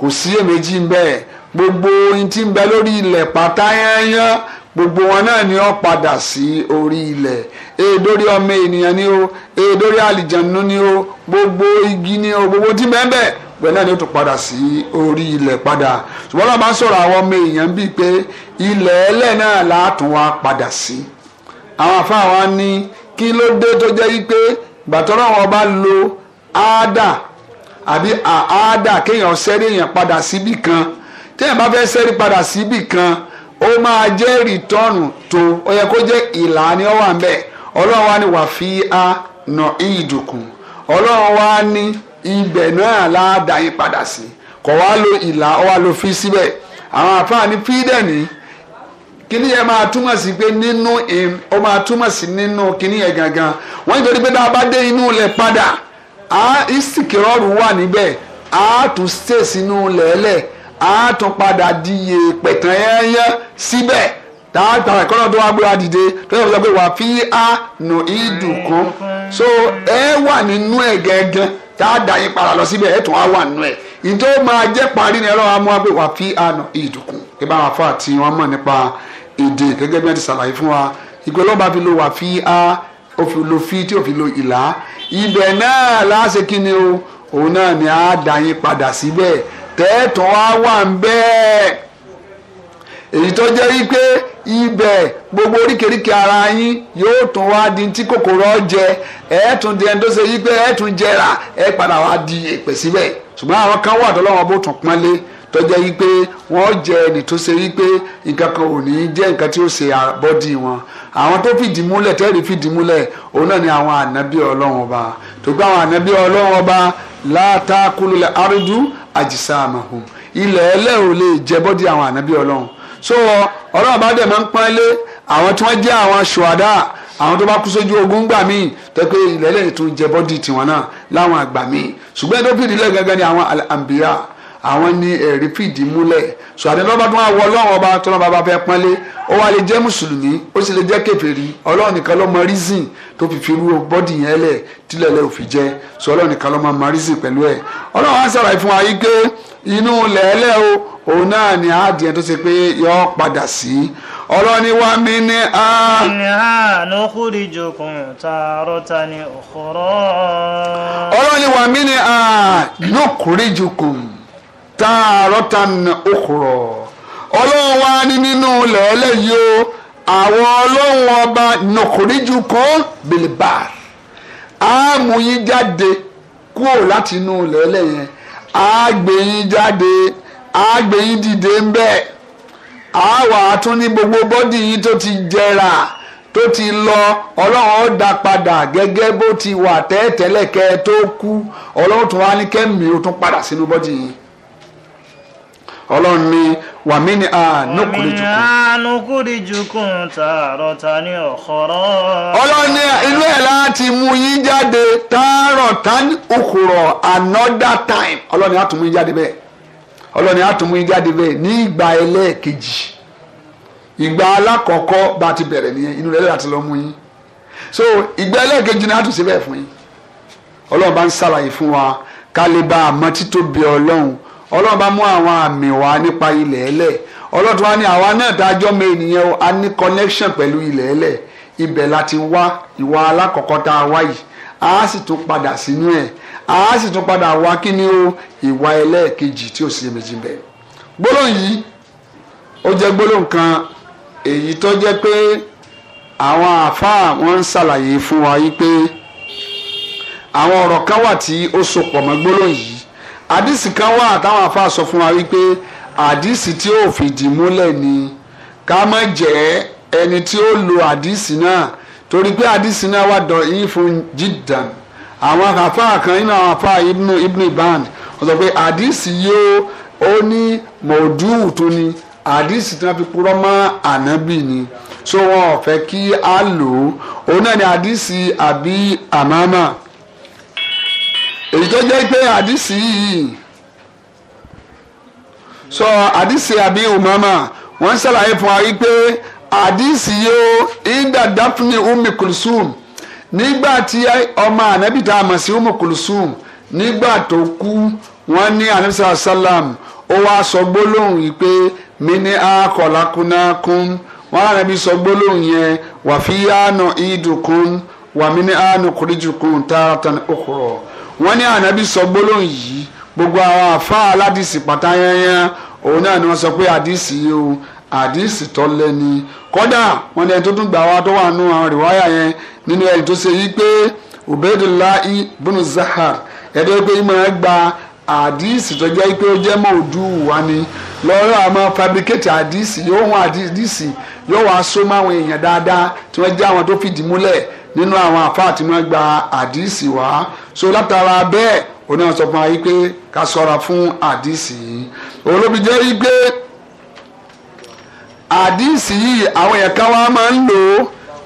kò sí èméjì ń bẹ́ẹ̀ gbogbo ohun tí ń bẹ lórí ilẹ̀ pátá yányán gbogbo wọn náà ni ó padà sí orí ilẹ̀ èèdórí ọmọ ènìyàn ni o èèdórí àlìjànú ni o gbogbo igi ni o gbogbo tí bẹ́ẹ̀ bẹ́ẹ̀ náà ni ó tún padà sí orí ilẹ̀ padà ṣùgbọ́n náà máa ń sọ̀rọ̀ àwọn ọmọ èèyàn bíi pé ilẹ̀ ẹlẹ́ náà látún wá padà sí àwọn àfáà wa ní kí ló dé tó jẹ́ wípé gbàtọ́rọ̀ wọn bá lo áádà àbí àádà kéèyàn sẹ́rí èèyàn padà síbì kan téèyàn bá fẹ́ sẹ́rí padà síbì kan ó máa jẹ́ rìtọ́ọ̀nù tó ó yẹ kó jẹ́ ìlà ni ó wà ń bẹ̀ ọlọ́run wa ni wà fi á nà ìdùnkù ọlọ́run wa ni ibẹ̀ náà láàdá yín padà sí kò wá lo ìlà ó wá lo fi síbẹ̀ àwọn àfáàní fídẹ̀ni kíní yẹn máa túmọ̀ sí pé nínú ó máa túmọ̀ sí nínú kíní yẹn gangan wọ́n ń torí pé tá dé inú ilẹ̀ padà a ìsìkìrọ́rù wà níbẹ̀ a tún ṣe sínú lẹ́lẹ̀ a tún padà di yèèpẹ̀ tán yẹ́nyẹ́ síbẹ̀ tààtàrà ìkọ́nà tó wá gbéra dìde tó yẹ kó sọ pé wà fi á nù ìdùn kan so ẹ wà nínú ẹ̀ gẹ́gẹ́ tá a dà yín padà lọ síbẹ̀ ẹ̀ tún á wà nínú ẹ̀ ìjọ máa jẹ́ parí ni ẹlọ́wọ́ amú abẹ́ wà fi àná ìdùnkún kí bá wà fún àti wọn mọ̀ nípa èdè gẹ́gẹ́ bí wọ́n ti ṣàlàyé fún wa ìgbẹ́ lọ́ba fi lo wà fi á ó fi lo fi tí ó fi lo ìlà ibẹ̀ náà láṣẹ kí ni o òun náà ni á dá yín padà síbẹ̀ tẹ́ẹ̀tàn wá wà ń bẹ́ẹ̀ èyí tó jẹ́ wípé ibẹ̀ gbogbo oríkèéríkèé ara yín yóò tún wá di tí kòkòrò jẹ ẹ̀ẹ́tún di ẹni tó ṣe wípé ẹ̀ẹ́tún jẹrà ẹ̀ padà wá di èpè síbẹ̀ ṣùgbọ́n àwọn kan wà tó lọ́wọ́ bó tún pọ́nlé tó jẹ́ wípé wọ́n jẹ́ ẹni tó ṣe wípé nǹkan kan ò ní jẹ́ nǹkan tí ó ṣe bọ́dì wọn àwọn tó fìdí múlẹ̀ tẹ́rì fìdí múlẹ̀ òun náà ni àwọn ànábì ọlọ́run ọba tó gbé àwọn ànábì ọlọ́run ọba látàkùlùlẹ̀ àrídú àjìsá àmàhùn ilẹ̀ ẹlẹ́ ò lè jẹ́ bọ́dì àwọn ànábì ọlọ́run so ọlọ́run bá dẹ̀ máa ń pọ́n lé àwọn tí wọ́n jẹ́ àwọn ṣùwádà àwọn tó bá kú sójú ogun gbà míì tẹ́pẹ́ ilẹ̀ ẹlẹ́ tó jẹ́ bọ́dì tiwọn náà láwọn àgbà míì ṣùgbọ́n tó fìdí lẹ́ àwọn ní ẹ̀rí fìdí múlẹ̀ sọ àdéhùn bá tún wá wọ ọlọ́run ọba tó náà bá fẹ́ pọ́nlé ó wá lè jẹ́ mùsùlùmí ó sì lè jẹ́ kèfèrí ọlọ́run nìkan ló mọ rízìn tó fi fi irú bọ́dì yẹn lẹ̀ tílẹ̀ lẹ́ òfin jẹ́ sọ ọlọ́run nìkan ló mọ rízìn pẹ̀lú ẹ̀ ọlọ́run á sàlàyé fún wa yí pé inú lẹ́ẹ̀lẹ́ o òun náà ni àádìẹ tó ṣe pé yọ padà sí ọlọ́ni wá mi ní a. ìhà ló kúrì jòkun tààrọ́ ta ni òkúrọ́. ọlọ́ni wá mi ní a ló kúrì tààrọ́tàn òkùrọ̀ ọlọ́run wa ni nínú lẹ́lẹ́ yìí o àwọn ọlọ́run ọba nọkùnríjú kan bèlèbà àmúyín jáde kúrò láti inú lẹ́lẹ́ yẹn àgbẹ̀yìn jáde àgbẹ̀yìn dìde ń bẹ́ẹ̀ àwa tún ní gbogbo bọ́dì yìí tó ti jẹrà tó ti lọ ọlọ́run ó dá padà gẹ́gẹ́ bó ti wà tẹ́tẹ́lẹ̀ kẹ́ ẹ tó kú ọlọ́run tún wá ní kẹ́mi ó tún padà sínú bọ́dì yìí ọlọ́run ní wàmí ni a nukuri jukun. wàmí a nukuri jukun tààrọ̀ ta ní ọ̀kọ̀rọ̀. ọlọ́run ní inú ẹ̀ láti mú yín jáde tààrọ̀ ta ní òkúrọ̀ another time ọlọ́run ní a tún mú yín jáde bẹ́ẹ̀ ọlọ́run ní a tún mú yín jáde bẹ́ẹ̀ ní ìgbà ẹlẹ́ẹ̀kejì ìgbà alákọ̀ọ́kọ́ bá ti bẹ̀rẹ̀ nìyẹn inú rẹ̀ láti lọ mú yín so ìgbà ẹlẹ́ẹ̀kejì ni a tún ṣe bẹ́ẹ̀ fún yín ọlọ́run bá ń ṣàlàyé fún wa ká lè bá ọlọ́run ọlọ́run bá mú àwọn àmì wá nípa ilẹ̀ ẹlẹ̀ ọlọ́run tó wá ní àwa náà dájọ́ mọ ènìyàn a ní connection pẹ̀lú ilẹ̀ ẹlẹ̀ ibẹ̀ láti wá ìwà alákọ̀ọ́kọ́ tá a wá yìí a sì tún padà sínú ẹ̀ a sì tún padà wá kí ni o ìwà ẹlẹ́ẹ̀kejì tí ò sí èméjì bẹ̀. gbólóhùn yìí ó jẹ́ gbólóhùn kan èyí tó jẹ́ pé àwọn àáfàá wọn ń ṣàlàyé fún wa yìí pé àwọn ọ̀rọ̀ kan wà tí ó so pọ̀ mọ́ gbólóhùn yìí àdìsí kan wà táwọn afa sọ fún wa wípé àdìsí tí ó fìdí múlẹ̀ ni ká má jẹ́ ẹni tí ó lo àdìsí náà torí pé àdìsí náà wà dọ̀ yìí fún jìdàn àwọn afa kan nínú àwọn afa ibnu ibnu iban wọ́n sọ pé àdìsí yóò ó ní mọ̀ọ́dúnwù tó ni àdìsí tí wọ́n fi purọ́ mọ́ ànábì ni so wọn ò fẹ́ kí á lò ó òun náà ni àdìsí àbí àmàmà èyí tó jẹ́ pé àdìsí yìí sọ àdìsí àbí umama wọ́n ṣàlàyé fún wa wípé àdìsí yóò ìdá dáfúnì umi kùlùsùm nígbà tí ọmọ ànábì tá a mọ̀ sí umi kùlùsùm nígbà tó kú wọ́n ní ànábìsà sálàm ó wá sọ gbólóhùn wípé mi ní akọ̀lákúnákún wọ́n á sọ gbólóhùn yẹn wàfíyàánú ìdùnkún wàmí ní àánú kùrìjùkún tààtàn òkúrọ̀ wọ́n ní ànábì sọ gbólóhùn yìí gbogbo àwọn àfa aládìsí pátá yẹnyẹn òun náà ni wọ́n sọ pé àdìsí yìí o àdìsí tó lẹ́ni kódà wọ́n ní ẹni tó tún gbà wá tó wà nù àwọn rìwáyà yẹn nínú ẹni tó ṣe yìí pé Ubaidullahi bunu Zahar ẹ̀dọ́ pé ìmọ̀ ẹ gba àdìsí tó jẹ́ pé ó jẹ́ mọ̀ọ́dù wá ni lọ́rọ̀ àmọ́ fabricate àdìsí yóò wọn àdìsí yóò wá só máwọn èèyàn dáadáa tí wọ́n jẹ́ àwọn tó fìdí múlẹ̀ nínú àwọn àfáà tí wọ́n gba àdìsí wá so látara bẹ́ẹ̀ oní wọn wa yìí pé ká ṣọ́ra fún àdìsí yìí olóbi jẹ́ yìí pé àdìsí yìí àwọn èèyàn kan wá máa ń lò ó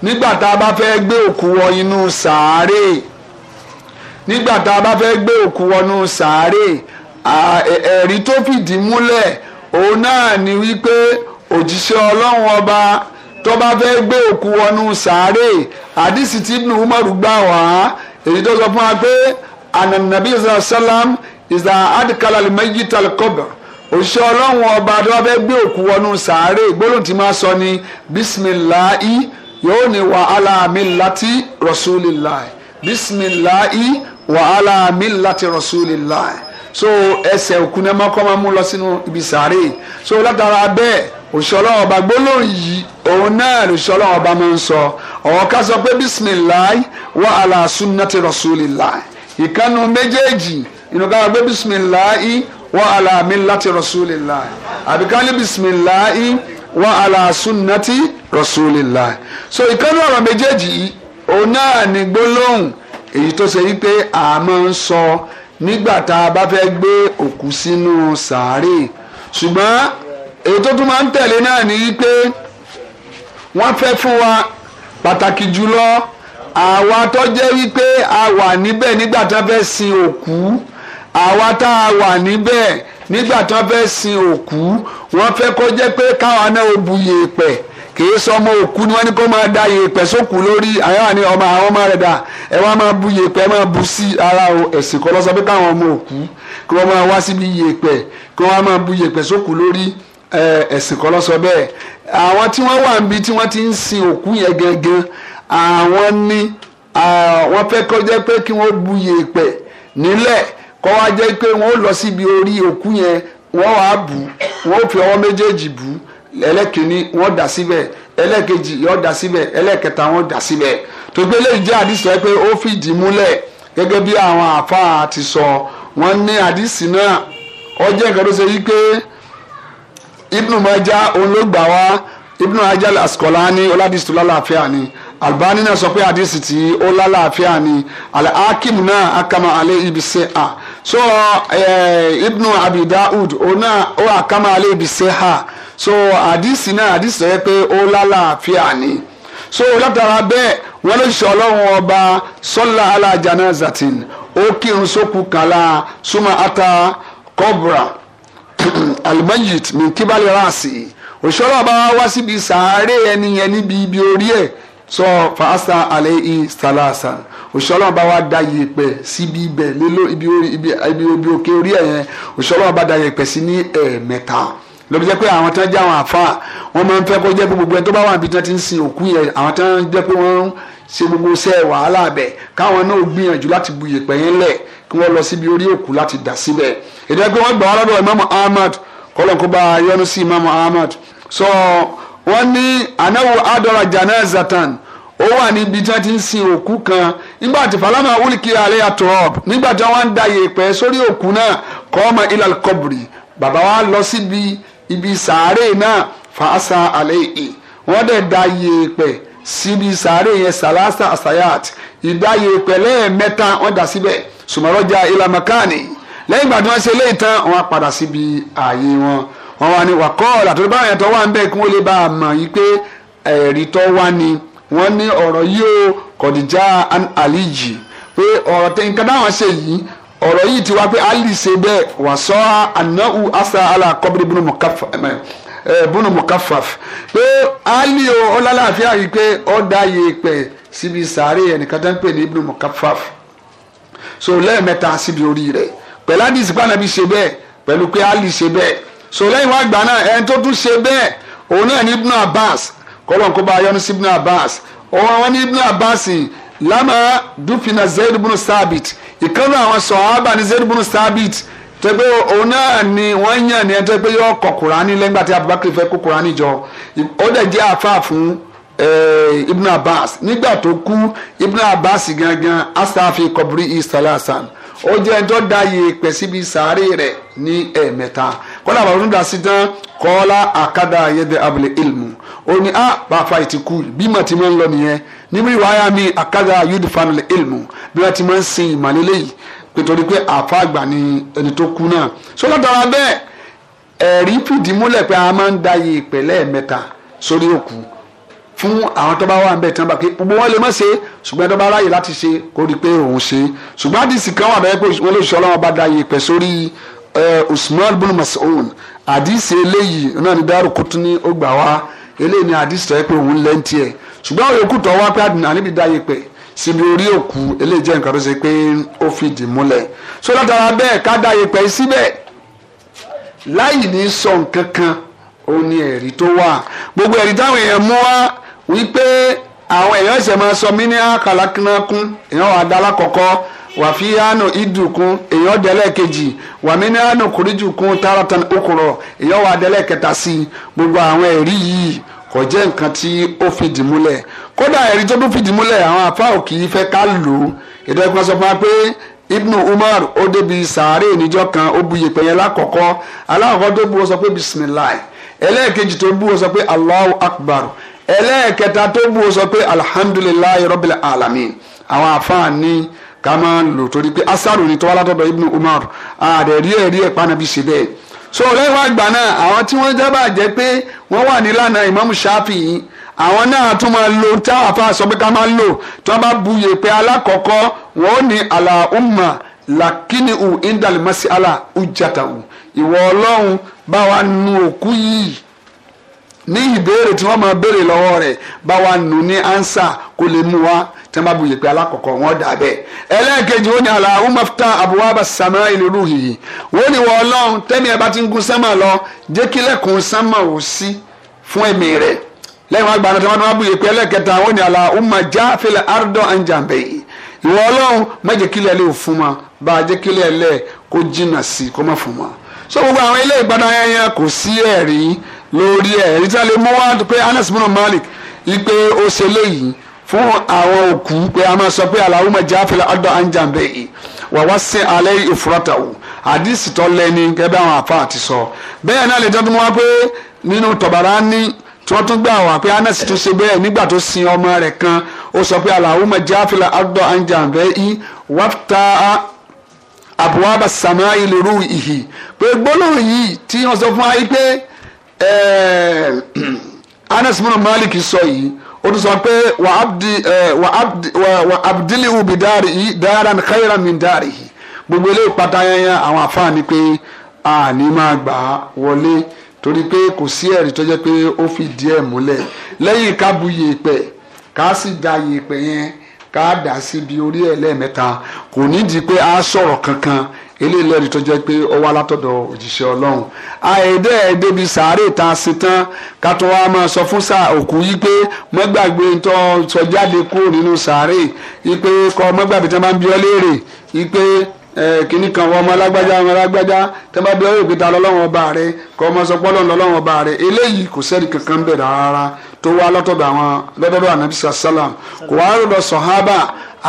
nígbà tá a bá fẹ́ gbé òkú wọ inú sàárè nígbà tá a bá fẹ́ gbé òkú wọnú sàárè ẹ̀rí tó fìdí múlẹ̀ òun náà ni wípé òjíṣẹ́ ọlọ́run ọba tó bá fẹ́ gbé òkú wọnú sàárè àdìsí tí ibùdó umaru gbà wá èyí tó sọ fún wa pé ànànàbí isra salam isra adikala lèmẹ́jì talikọ́bà òṣìṣẹ́ ọlọ́run ọba tó bá fẹ́ gbé òkú wọnú sàárè gbólóhùn tí máa sọ ni bisimilahi yóò ní wàhálà milati rasulillahi bisimilahi wàhálà milati rasulillahi so ẹsẹ̀ òkú náà mọ́kọ́ máa mú lọ sínú ibi sàárè so látara bẹ́ẹ̀ òṣìṣẹ́ ọlọ́run ọba gbólóhùn yìí òun náà lòṣìṣẹ́ ọlọ́run máa ń sọ ọ̀wọ́ ká sọ pé bisimilahi wa ala sunnati rasulillahi ìkànnù méjèèjì inú ká sọ pé bisimilahi wa ala millati rasulillahi àbí ká ní bisimilahi wa ala sunnati rasulillahi so ìkànnù ọ̀rọ̀ méjèèjì yìí òun náà ní gbólóhùn èyí tó ṣe yí pé a máa ń sọ nígbà tá a bá fẹ́ gbé òkú sínú sàárè ṣùgbọ́n èyí tó tún máa ń tẹ̀lé náà ni pé wọ́n fẹ́ fún wa pàtàkì jùlọ àwa tó jẹ́ wípé a wà níbẹ̀ nígbà tó fẹ́ sin òkú àwa tá a wà níbẹ̀ nígbà tó fẹ́ sin òkú wọ́n fẹ́ kó jẹ́ pé káwa náà ó bu yèèpẹ̀ kìí sọ òkú ni wọ́n ní kó máa da yèèpẹ̀ sókù lórí àyàwó ni ọmọ àwọn ọmọ rẹ̀ dà ẹ wá máa bu yèèpẹ̀ máa bu sí ara ẹ̀sìn kọ́ lọ́sọ pé káwọn ọmọ òkú kí wọ́n máa wá síbi yèèpẹ̀ kí wọ́n máa bu yèèpẹ̀ sókù lórí ẹ̀sìn kọ́ ló sọ bẹ́ẹ̀ àwọn tí wọ́n wà níbi tí wọ́n ti ń sin òkú yẹn gangan àwọn ni wọ́n fẹ́ kó jẹ́ pé kí wọ́n bu yèèpẹ̀ nílẹ̀ kó wá jẹ́ pé wọ́n lọ síbi orí òkú yẹn wọ́n wàá bù wọ́n fi ọwọ́ méjèèjì bù ẹlẹ́kìnní wọ́n dà síbẹ̀ ẹlẹ́kejì yọ dà síbẹ̀ ẹlẹ́kẹta wọ́n dà síbẹ̀ tó gbé jẹ́ àdìsọ pé ó fìdí múlẹ̀ gẹ́gẹ́ bí àwọn àfa ti sọ wọ́n ní àdìsí náà ó jẹ́ nǹkan pé ibnu maja olóògbà wa ibnu maja asukọlani oladisitu lálàáfíà ni albani náà sọ pé hadisi tí ó lálàáfíà ni alakim náà akama ale ibise a so eh, ibnu abidaud ona o akama ale ibise ha so hadisi náà hadisi sọ pé ó lálàáfíà ni so látara bẹ́ẹ̀ wọ́n ló ṣe ọlọ́run ọba sọ́lá alájà náà zatin ó kírun sókù kàlà súnmọ́ ata kọ́bùrà. alimayit mi kíbalẹ̀ ráàsì òṣèlú ọba wa wá síbi sàárè ẹni yẹn níbi ibi orí ẹ̀ sọ fàásà alẹ́ i sàlàsà òṣèlú ọba wa da yèpẹ̀ síbi ibẹ̀ lélo ibi orí ibi ibi òkè orí ẹ̀ yẹn òṣèlú ọba da yèpẹ̀ sí ní ẹ̀ẹ̀mẹ́ta lóbi jẹ́ pé àwọn tán jẹ́ àwọn àfa wọ́n máa ń fẹ́ kó jẹ́ pé gbogbo ẹni tó bá wà níbi tí wọ́n ti ń sin òkú yẹn àwọn tán jẹ́ pé wọ́n ń ṣe gbogbo iṣẹ́ wàhálà bẹ̀ káwọn náà gbìyànjú láti bu yèpẹ̀ yẹn lẹ̀ kí wọ́n lọ síbi orí òkú láti dà síbẹ̀ ìdá pé wọ́n gbà wá lọ́dọ̀ imamu ahmad kọlọ́nkóbá yọ́nú sí imamu ahmad so wọ́n ní anáwó adọ́ra janazatan ó wà níbi tí wọ́n ti ń sin òkú kan nígbà tí falama wúlíkì alẹ́ àtọ̀ nígbà tí wọ́n ń da yèèpẹ̀ sórí òkú náà kọ́ọ̀mà ilal kọ́bùrì bàbá wa lọ síbi ibi sàárè náà fa asa alẹ́ yìí wọ́n dẹ̀ da yèèpẹ̀ síbi sàárè yẹn sàlásà àsàyàt ìdá yèèpẹ̀ lẹ́ẹ̀mẹ́ta wọ́n dà síbẹ̀ sùmọ́rọ́jà ìlàmọ̀káàní lẹ́yìn ìgbà tí wọ́n ṣe eléyìí tán wọ́n padà síbi ààyè wọn wọ́n wá ní wàkọ́ọ̀lù àtọ́jú báwọn yẹn tó wà ń bẹ́ẹ̀ kí wọ́n lè bá a mọ̀ yìí pé ẹ̀rí tó wá ni wọ́n ní ọ̀rọ̀ yìí ó kọ̀dìjà àlìjì pé ọ̀rọ̀ tẹ nǹkan táwọn ṣe yìí ọ̀rọ̀ yìí ti wá pé ali ṣe bẹ́ẹ̀ wà sọ anahu asa ala kọ́bìrì bùnú mukafaf pé ali o ọlọ́láàfíà yìí pé ó dá yèèpẹ̀ síbi sàárè ẹnìkan tó ń pè ní ibùnú mukafaf so lẹ́ẹ̀mẹ́ta síbi orí rẹ̀ pẹ̀lú àdìsí pànàbí ṣe bẹ́ẹ̀ pẹ̀lú pé Ali ṣe bẹ́ẹ̀ so lẹ́yìn wá gbà náà ẹni tó tún ṣe bẹ́ẹ̀ òun náà ní Ibn Abbas kọ́lọ̀ kó bá yọnu sí Ibn Abbas òun àwọn ní Ibn Abbas lámà dúfinà Zayd ibn Sabit ìkànnì àwọn sọ̀hábà ní Zayd ibn Sabit tẹgbẹ́ òun náà ni wọ́n yàn ní ẹni tẹgbẹ́ yọ ọkọ̀ Kùránì lẹ́gbàtí Abubakar fẹ́ kó Kùránì jọ ó dẹ̀ jẹ́ àfáà fún Eh, Ibn Abbas nígbà tó kú Ibn Abbas gangan asafi kọbúrí isalasan ó jẹ́ ẹjọ́ da yèèpẹ̀ síbi sàárè rẹ̀ ní ẹ̀ẹ̀mẹ́ta kọ́lá àwọn onídàásí tán kọ́lá àkàdá ayẹ́dẹ́ abúlé ilmu ó ní ah, a bàfà ìtìkú bímọ tí mo ń lọ nìyẹn níbi ìwáyà mi àkàdá yud family ilmu bí wọ́n ti máa ń sin ìmọ̀lélẹ́ yìí nítorí pé àfa àgbà ni ẹni tó kú náà sọlá dára bẹ́ẹ̀ ẹ̀rí fìdí múlẹ̀ pé a máa ń da yèèpẹ̀ lẹ́ẹ̀mẹ́ta sórí òkú fún àwọn tó bá wà níbẹ̀ tán bá pé gbogbo wọn lè má ṣe ṣùgbọ́n tó bá ráyè láti ṣe kó rí i pé òun ṣe ṣùgbọ́n àdìsí kan wà bẹ́ẹ̀ pé wọ́n lè ṣe ọlọ́wọ́n bá da yèèpẹ̀ sórí Usman bin Mas'ud àdìsí eléyìí náà ni Daaru Qutni ó gbà wá eléyìí ni àdìsí tó yẹ pé òun lẹ́ńtì ẹ̀ ṣùgbọ́n àwọn yòókù tó wá pé àdìsí níbi da yèèpẹ̀ síbi orí òkú eléyìí jẹ́ nǹkan tó ṣe so látara bẹ́ẹ̀ ká da yèèpẹ̀ síbẹ̀ láì ní sọ nǹkan kan ó wípé àwọn èèyàn ṣẹ̀ máa sọ mí ní àkàlákínákún èèyàn wà dá lákọ̀ọ́kọ́ wàfíyánu ìdùnkún èèyàn dẹ́lẹ̀ kejì wàmínánu kùrìjùkún tààràtàn okòrò èèyàn wà dẹ́lẹ̀ kẹta sí gbogbo àwọn ẹ̀rí yìí kò jẹ́ nǹkan tí ó fìdí múlẹ̀ kódà ẹ̀rí tó tún fìdí múlẹ̀ àwọn àfa ò kì í fẹ́ ká lò ó ìdá sọ fún wa pé ibnu umar ó débi sàárè kan ó bu yèpẹ̀ yẹn lákọ̀ọ́kọ́ tó sọ pé bisimilahi ẹlẹ́ẹ̀kejì tó bu sọ pé allahu akbar ẹlẹ́ẹ̀kẹta tó bú o sọ pé alihamdulilayi rọ́bìlì alamin àwọn àfààní ká máa ń lò torí pé asaru ni tọ́wọ́ látọ̀dọ̀ ibnu umar ààrẹ rí ẹ̀rí ẹ̀ panabi ṣe bẹ́ẹ̀ so lẹ́yìn wá gbà náà àwọn tí wọ́n jábà jẹ́ pé wọ́n wà nílànà ìmáàmù ṣáfì yìí àwọn náà tún máa lo tá a fa sọ pé ká máa lò tí wọ́n bá buyè pé alákọ̀ọ́kọ́ wọ́n ní àlà umma u indal mas'ala ujata u ìwọ ọlọ́run bá wa nu òkú yìí ní ìbéèrè tí wọ́n máa béèrè lọ́wọ́ rẹ̀ bá wa nù ní ánsà kó lè mú wa tí wọ́n bá bu yèpẹ̀ alákọ̀ọ́kọ́ wọn dà bẹ́ẹ̀. ẹlẹ́ẹ̀kejì ó ní àlà umafta abuwaba sàmà ìlú yìí wọ́n ní wọ́n ọlọ́run tẹ́mi ẹ̀ bá ti ń gun sánmà lọ jẹ́ kí lẹ́kùn sánmà ò sí fún ẹ̀mí rẹ̀ lẹ́yìn wọn gbàgbọ́ tí wọ́n bá bu yèpẹ̀ ẹlẹ́ẹ̀kẹta ó ní àlà umajá fẹlẹ̀ ardọ́ anjàmbẹ́yì ìwọ ọlọ́run má so gbogbo àwọn ilé ìgbàdàn lórí ẹ̀ ẹni tí a lè mú wá pé Anas bin Malik ipe ó ṣe léyìí fún àwọn òkú pé a máa sọ pé Allahumma jáfẹ́lẹ́ ọ̀dọ̀ àǹjàǹbẹ̀ yìí wà wá sí alẹ́ ìfúrọ́tà o àdìsí tó lẹ́ni gẹ́gẹ́ àwọn àfa àti sọ bẹ́ẹ̀ náà lè tọ́ tún wá pé nínú Tabarani tí wọ́n tún gbà wá pé Anas tún ṣe bẹ́ẹ̀ nígbà tó sin ọmọ rẹ̀ kan ó sọ pé Allahumma jáfẹ́lẹ́ ọ̀dọ̀ àǹjàǹbẹ̀ yìí wàtá àbúwábà sàmáyé lè rú ìhì pé gbólóhùn yìí tí wọ́n sọ fún wa yìí pé Eh, Anas múnà Malik sọ yìí ó ti sọ pé wà abdili ubi dari yìí daran khayran min dari yìí gbogbo eléyìí pátá yẹn àwọn àfáàní pé àní máa gbà wọlé torí pé kò sí ẹ̀rí tó jẹ́ pé ó fi díẹ̀ múlẹ̀ lẹ́yìn ká bu yèèpẹ̀ ká sì da yèèpẹ̀ yẹn ká dà sí ibi orí ẹ̀ lẹ́ẹ̀mẹ́ta kò nídìí pé a sọ̀rọ̀ kankan eléyìí lẹ́rìí tó jẹ́ pé ó wá látọ̀dọ̀ òjíṣẹ́ ọlọ́run àìdẹ́ ẹ̀ẹ́dẹ́bi sàárè ta sí tán ká tó wá máa sọ fún òkú yìí pé mọ́gbàgbé tó sọ jáde kúrò nínú sàárè yìí pé kọ́ mọ́gbàgbé tó máa ń bí ọ léèrè yìí pé kínní kan wọ́n ọmọ alágbájá ọmọ alágbájá tẹ́ bá bí ọyọ́ ìpìtà lọ́lọ́wọ́n ọba rẹ kọ́ ọmọ sọ pọ́lọ́ lọ́lọ́wọ́n ọba rẹ eléyìí kò sẹ́ni kankan bẹ̀ rárá tó wá lọ́tọ̀dọ̀ àwọn lọ́tọ̀dọ̀ ànábì sàlám kò wá rọ̀dọ̀ sọ̀hábà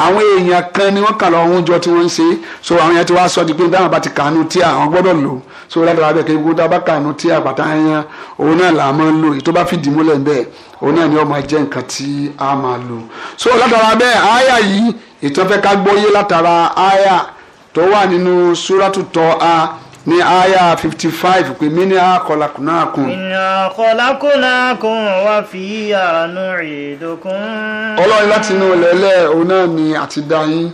àwọn èèyàn kan ni wọ́n kà lọ ohun jọ tí wọ́n ń ṣe so àwọn yẹn ti wá sọ di pé dáhùn bá ti kànú tí àwọn gbọ́dọ̀ lò so ládàá bẹ́ẹ̀ kí gbọ́dọ̀ bá kànú tí àpàtà yẹn òun náà là á máa ń lò èyí tó bá fìdí múlẹ̀ bẹ́ẹ̀ òun náà ni ó máa jẹ́ nǹkan tí a máa lò so ládàá bẹ́ẹ̀ àyà yìí ìtọ́fẹ́ ká gbọ́yé látara àyà tó wà nínú súrátù tọ́ a ní àyà fifty five pé mini akọlakunakun. mini akọlakunakun wà fi àánú ìdókun. ọlọ́run láti inú lẹ́lẹ̀ òun náà ni àti dá yín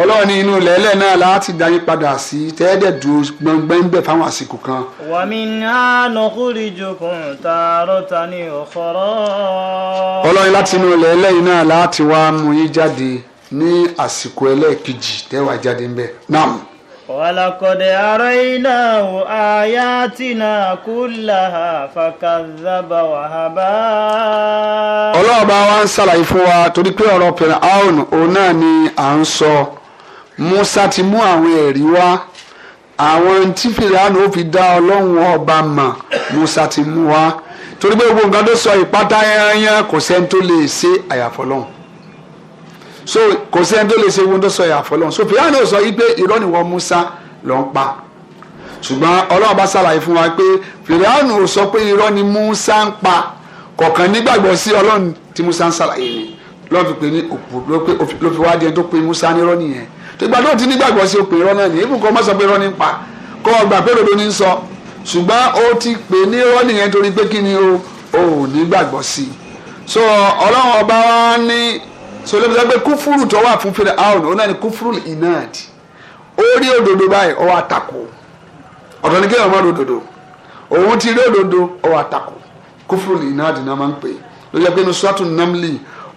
ọlọ́run ní inú lẹ́lẹ̀ náà láti dá yín padà sí tẹ́ẹ̀dẹ̀ dúró gbọ̀ngbẹ́ ń fáwọn àsìkò kan. wà mí náà nọkùnrin jokun tààrọ̀ ta ni ọ̀kọ̀rọ̀. ọlọ́run láti inú lẹ́lẹ̀ yìí náà láti wá mú yín jáde ní àsìkò ẹlẹ́ẹ̀kejì tẹ́wàá jáde ńbẹ náà. wàlàkọ̀dẹ̀ ara iná wò àyà tìǹà kúlà fàkàzàbà wàhábà. ọlọ́ọ̀bá wa ń ṣàlàyé fún wa torí pé ọ̀rọ̀ pẹ̀lú aon òun náà ni à ń sọ Musa ti mú àwọn ẹ̀rí wá àwọn tí fìlànà ó fi dá ọlọ́run ọba mà Musa ti mú wá torí pé gbogbo nǹkan tó sọ ìpátá ẹran yẹn kò sẹ́ni tó lè ṣe àyàfọ́ lọ́hùn so kò sẹ́ni tó lè ṣe ohun tó sọ yà fọlọ́n so fìyà náà sọ yìí pé irọ́ ni wọ́n Musa lọ ń pa ṣùgbọ́n ọlọ́run bá ṣàlàyé fún wa pé fìyàánù sọ pé irọ́ ni Musa ń pa kọ̀ọ̀kan nígbàgbọ́ sí ọlọ́run tí Musa ń ṣàlàyé ni lọ́n fi pè ní òpó ló fi wá di ẹni tó pe Musa nírọ́ nìyẹn tó gbà lóòótọ́ nígbàgbọ́ sí òpè irọ́ náà nìyẹn ibùkún ọmọ sọ pé irọ́ ní pa kọ́ ọgbà pé òdodo ní sọ ṣùgbọ́n ó ti pè ní irọ́ nìyẹn torí pé kí ni o ò nígbàgbọ́ sí so ọlọ́run ọba wa ní so ló ń sọ pé kúfúrú tó wà fún fèrè àwọn òun náà ni kúfúrú inad ó rí òdodo báyìí ó wá tako ọ̀dọ̀ ni kéèyàn má rí òdodo òun ti rí òdodo ó wá tako kúfúrú inad náà máa ń pè ló jẹ́ pé ní sọ́tún namli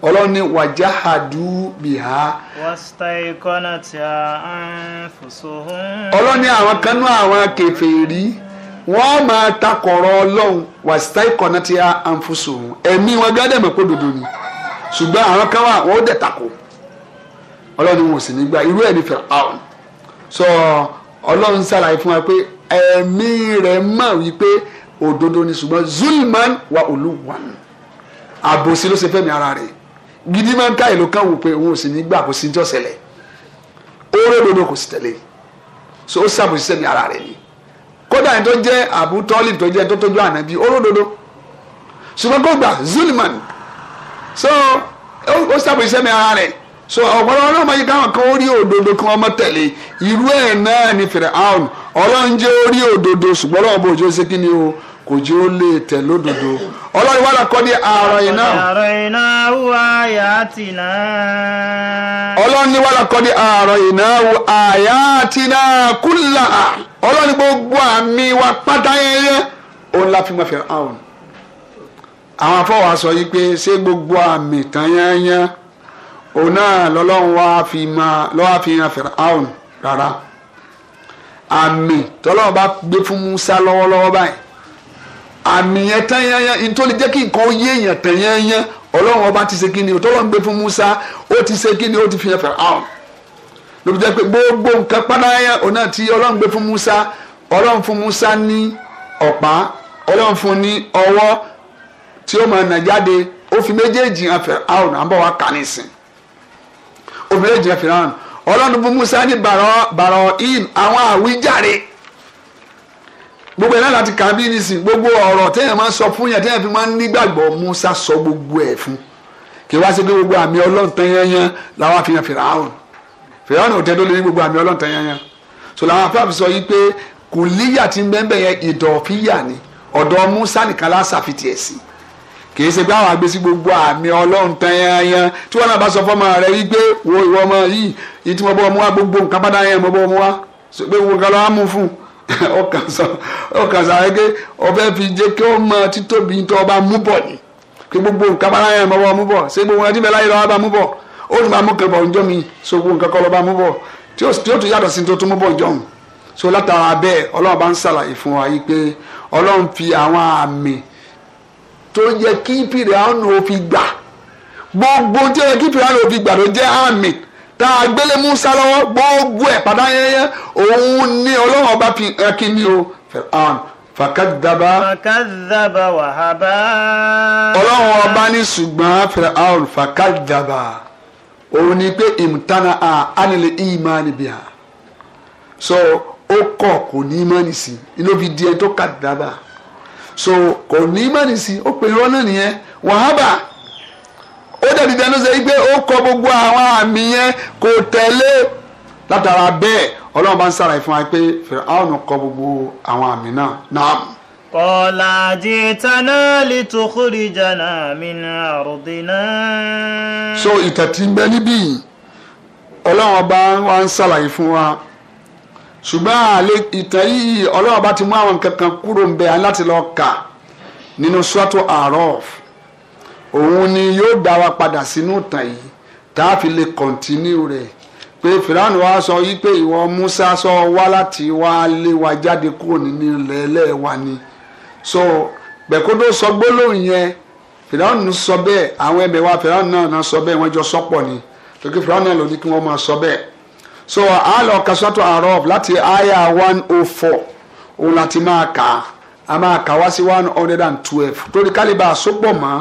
ọlọ́run ní wàjáhàdú bìhá. wàsítáìkọ́nà tí a ń fòṣòhún. ọlọ́run ní àwọn kan náà àwọn kèfèrí wọ́n máa takọ̀rọ̀ ọlọ́run wàsítáìkọ́nà tí a ń fòṣòhún ẹ̀mí wọn gádẹ́ mọ̀ pé òdodo ni ṣùgbọ́n àwọn kan wà wọ́n dẹ̀ tako ọlọ́run wọn ò sì ní gbà irú ẹ̀ ní Fáráò sọ ọlọ́run ṣàlàyé fún wa pé ẹ̀mí rẹ̀ mọ̀ wípé òdodo ni ṣùgbọ́n zulman wa olúwan àbòsí ló ṣe fẹ́mi ara rẹ̀ gidi máa ń ká ìlú kan wò pé òun sì ní gbà kó sí jọ́ ṣẹlẹ̀ oró dodo kò sì tẹ̀lé so ó ṣàbòsí sẹ́mi ara rẹ̀ ni kódà ẹni tó jẹ́ àbútọ́lì tó jẹ́ tó tọ́jú ànábì oró dodo ṣùgbọ́n kó gbà zulman so ó sàbòsí sẹ́mi ara rẹ̀ so ọ̀pọ̀lọpọ̀ náà máa yí káwọn kan ó rí òdodo kí wọ́n mọ́ tẹ̀lé irú ẹ̀ náà ni fèrè àwọn ọlọ́run jẹ́ ó rí òdodo ṣùgbọ́n ọlọ́run bò jẹ́ ó ṣe kí ni o kò jẹ́ ó lè tẹ̀ lódodo ọlọ́run wà lọ́kọ́ ní ààrọ̀ iná. ààrọ̀ iná wù àyà tìǹà. ọlọ́run ní wà lọ́kọ́ ní ààrọ̀ iná wù àyà tìǹà kúlà ọlọ́run gbogbo àmì wa pátá yẹn yẹn òun la fi mọ́ àwọn àwọn afọwọ́ sọ yìí pé ṣé gbogbo àmì tán yányán òun náà lọ́lọ́run wá fi máa lọ́wọ́ fi hàn Fáráò rárá àmì tọ́lọ́run bá gbé fún Musa lọ́wọ́lọ́wọ́ báyìí àmì yẹn tán yányán nítorí jẹ́ kí nǹkan yé èèyàn tán yányán ọlọ́run ọba ti ṣe kí ni tọ́lọ́run gbé fún Musa ó ti ṣe kí ó ti fi hàn Fáráò lóbi jẹ́ pé gbogbo nǹkan pátáyà òun náà tí ọlọ́run gbé fún Musa ọlọ́run fún Musa ní ọ̀pá ọlọ́run fún ní ọwọ́ tí ó máa nà jáde ó fi méjèèjì hàn Fíráùn à ń bọ̀ wá kà nísìn ó fi méjèèjì hàn Fíráùn ọlọ́run fún Musa ní bàrọ̀ im àwọn àwíjàre gbogbo ẹ̀ náà láti kà bí nísìn gbogbo ọ̀rọ̀ téèyàn máa ń sọ fún yẹn téèyàn fi máa ń nígbàgbọ́ Musa sọ gbogbo ẹ̀ fún kí wá sí pé gbogbo àmì ọlọ́run tán yẹnyẹn làwọn àfihàn Fíráùn Fíráùn ò tẹ́tọ́ lé ní gbogbo àmì ọlọ́run tán yẹnyẹn so làwọn afáàfin sọ yìí pé kùlíyà ti ń bẹ́ẹ̀ bẹ́ẹ̀ yẹn ìdọ̀fíyà ni ọ̀dọ̀ Musa nìkan lásàfitì ẹ̀ sí i kìí ṣe pé àwọn àgbẹ̀ gbogbo àmì ọlọ́run tán tí wọ́n náà bá sọ fọ́mọ rẹ wípé wo ìwọ ọmọ yìí yìí tí mo bọ́ ọmọ wa gbogbo nǹkan bá dáhùn yẹn mo bọ́ ọmọ wa pé wo nǹkan lọ́wọ́ mú fún ọkàn sáré pé ọbẹ̀ fi jẹ́ kí ó mọ títóbi tó ọba mú bọ̀ ni kí gbogbo nǹkan bá dáhùn yẹn mo bọ́ ọmọ bọ̀ ṣé gbogbo ọdún mẹ́láyé lọ́wọ́ bá mú bọ̀ ó ní máa mú kẹbọ̀ ọjọ́ mi so gbogbo nǹkan kọ́ lọ́ba mú bọ̀ tí ó tún yàtọ̀ sí tó tún mú bọ̀ ọlọ́run fi àwọn àmì tó yẹ kí pìrìánù ó fi gbà gbogbo tí ó yẹ kí pìrìánù ó fi gbà ló jẹ́ àmì tá a gbélé musa lọ́wọ́ gbogbo ẹ̀ padà yẹnyẹ òun ni ọlọ́run ọba kí ni o fàkàdàbà. fàkàdàbà wàhábà. ọlọ́run ọba ní ṣùgbọ́n fìràhàn fàkàdàbà òun ni pé ìmùtánà à ánilẹ̀ ìmánì bíà so ó kọ̀ kò ní ìmánì sí inú fi di ẹni tó kàdàbà so kò ní mọ́ni sí ó pè irọ́ náà nìyẹn wàhábà ó dẹ̀ dídẹ́ ló ṣe wípé ó kọ gbogbo àwọn àmì yẹn kò tẹ̀lé látara bẹ́ẹ̀ ọlọ́run bá ń sàlàyé fún wa pé Fir'aun kọ gbogbo àwọn àmì náà náà. Kọ́lá jìtánà lè tó kórè jàǹdà mi náà àròdìnà. So ìtẹ̀tí ń bẹ níbí ọlọ́run bá ń sàlàyé fún wa ṣùgbọ́n àlè ìtàn yìí ọlọ́run bá ti mú àwọn nǹkan kan kúrò ń bẹ aláti lọ kà nínú sọ́tò Araf òun ni yóò dá wa padà sínú ìtàn yìí tá a fi lè kọ̀ntínú rẹ̀ pé fìlànà wa sọ yìí pé ìwọ Musa sọ wá láti wá lé wa jáde kúrò nínú ilẹ̀ ẹlẹ́wà ni so bẹ̀kódó sọ gbólóhùn yẹn fìlànà sọ bẹ́ẹ̀ àwọn ẹbẹ̀ wa fìlànà náà sọ bẹ́ẹ̀ wọ́n jọ sọ́pọ̀ ni tòkí fìlànà lòdì kí wọ́n máa sọ bẹ́ẹ̀ so a lọ ka sọ́tọ̀ àrọ́f láti àyà one o oh four òun láti máa kà á máa kà wá sí one hundred and twelve torí kálíbà sopọ̀ mọ́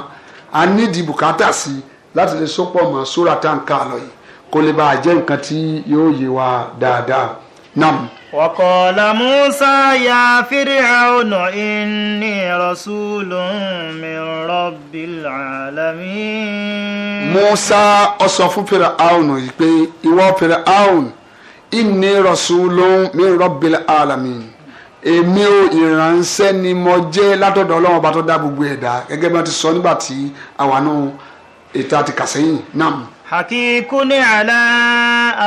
a nídìí bùkátà sí láti lè sopọ̀ mọ́ sóra tá n kà lọ yìí kó lè bá a jẹ́ nǹkan tí yóò yé wa dáadáa nam. وقال موسى ya فرعون إني inni من رب العالمين. Musa ó sọ fún Firaun yìí pé ìwọ Firaun inni rasulun min rabbil alamin èmi ò ìránṣẹ́ ni mo jẹ́ látọ̀dọ̀ ọlọ́run ọba tó dá gbogbo ẹ̀dá gẹ́gẹ́ bí wọ́n ti sọ nígbà tí àwa náà ètò àti kàsẹ́yìn náà. حقيقني ala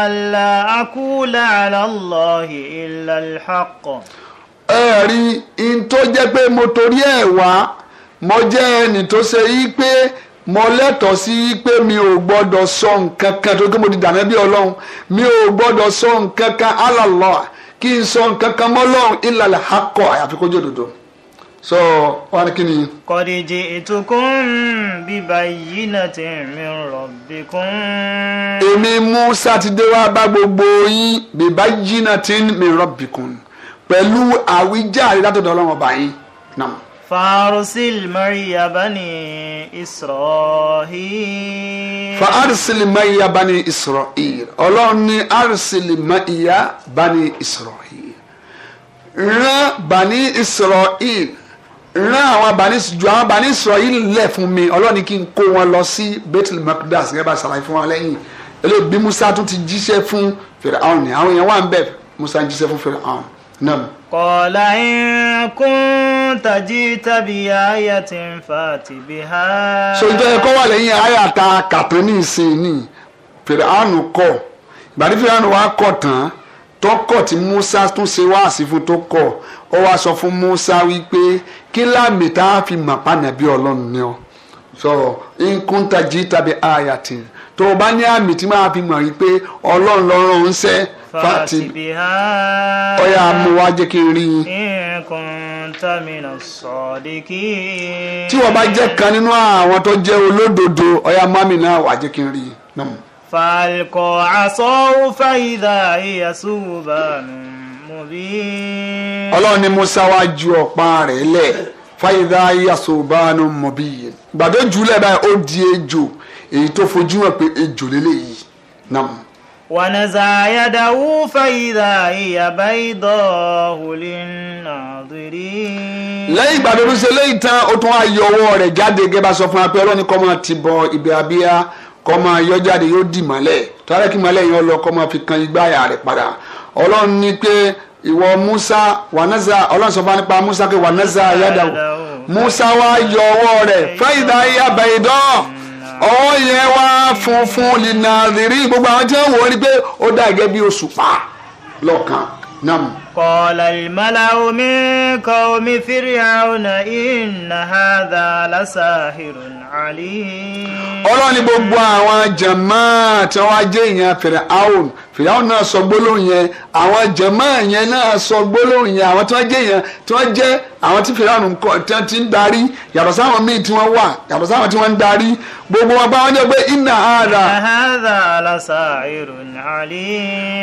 ala أقول ala الله إلا الحق. ẹ i tó jẹ́ pé mo torí ẹ̀ wá mo jẹ́ ẹni tó ṣe yí mo lẹ́tọ̀ọ́ sí pé mi ò gbọ́dọ̀ sọ nǹkan kan tó kí mo di dànù bí ọlọ́run mi ò gbọ́dọ̀ sọ nǹkan kan alàlọ́ kí n sọ nǹkan kan mọ́ ọlọ́run ìlàlẹ̀ akọ àyàfi kó jẹ́ òdodo so wọn ni kí ni. kọ́díjì ìtukùn bíbá yìí náà ti rìn rọ̀bìkún. èmi Mùsá ti wá bá gbogbo yín bíbá yìí náà ti rìn rọ̀bìkún pẹ̀lú àwíjàre látọ̀dọ̀ ọlọ́run ọba yín náà. فارسل معي بني إسرائيل فارسل معي بني إسرائيل ọlọ́run ní arsil ma'iya bani israel rán bani israel rán àwọn bani ju àwọn bani israel lẹ̀ fún mi ọlọ́run ní kí n kó wọn lọ sí bethel makdas gẹ́gẹ́ bá ṣàlàyé fún wa lẹ́yìn eléyìí bí musa tún ti jíṣẹ́ fún fèrèhàn ni àwọn èèyàn wà ń bẹ̀ musa jíṣẹ́ fún fèrèhàn náà. kọ̀ọ̀lá ń kún kunta jita bi ayatin fatibiha. so ìjọ ẹ̀kọ́ wà lẹ́yìn àyà ta kàtó ní ìsìn ní fìràánù kọ̀ ìbàdí fìràánù wa kọ̀ tán tọkọ̀ tí Musa tún ṣe wá sí fún tó kọ̀ ọ wá sọ fún Musa wípé kí láàmì tá a fi mà pààyàn bí Ọlọ́run ni ọ sọ̀rọ̀ nkúntàjì tàbí àyàtì tó o bá ní àmì tí máa fi mọ̀ wípé Ọlọ́run lọ́rọ̀ ń ṣẹ́ fati biha ọyà amúwá jẹ́ kí n rí i. kùntàmínà sọ̀díkì. tí wọ́n bá jẹ́ kan nínú àwọn tó jẹ́ olódodo ọyà mami náà wà jẹ́ kí n rí i. falkọ̀ asọ́wọ́ fàyídà ìyàsúbànú mọ̀bí. ọlọ́run ni musa wá ju ọ̀pá rẹ̀ lẹ̀ fàyídà ìyàsúbànú mọ̀bí yẹn gbàdó jùlẹ̀ báyìí ó di ejò èyí tó fojú hàn pé ejò lélẹ́yìí ونزع يده فإذا هي بيضاء للناظرين lẹ́yìn ìgbà tó tún ṣe lẹ́yìn tán ó tún ayọ ọwọ́ rẹ̀ jáde gẹ́gẹ́ bá sọ fún apẹ́ ọlọ́ni kọ́ máa ti bọ ibi abíyá kọ́ máa yóò dì mọ́lẹ̀ tọ́lá kí mọ́lẹ̀ yẹn lọ kọ́ fi kan igbáyà rẹ̀ padà ọlọ́run ní pé ìwọ Musa wanaza ọlọ́run sọ fún nípa Musa pé wanaza yàdà Musa wá yọ ọwọ́ rẹ̀ fẹ́ ìdá yàbẹ̀ ìdán ọwọ́ yẹn wá funfun lìnà rírì gbogbo àwọn tí wọ́n wò ó rí pé ó dà gẹ́gẹ́ bí òṣùpá lọ́kàn nam. kọ́lá ìmàláwo mi kọ́ omi fíríàwọ̀nà iná hàdà lásàhìrò àlì. ọlọ́ni gbogbo àwọn jàmáà tí wọ́n wá ìyẹn fẹ̀rẹ̀ àwọn fìyàwó náà sọ gbólóhùn yẹn àwọn jẹ̀mọ́ yẹn náà sọ gbólóhùn yẹn àwọn tí wọ́n jẹ́ yẹn tí wọ́n jẹ́ àwọn tí fìyàwó kọ tí wọ́n ti ń darí yàtọ̀ sáwọn míì tí wọ́n wà yàtọ̀ sáwọn tí wọ́n ń darí gbogbo wọn bá wọn jẹ́ pé iná ara. ahada alasa irun ali.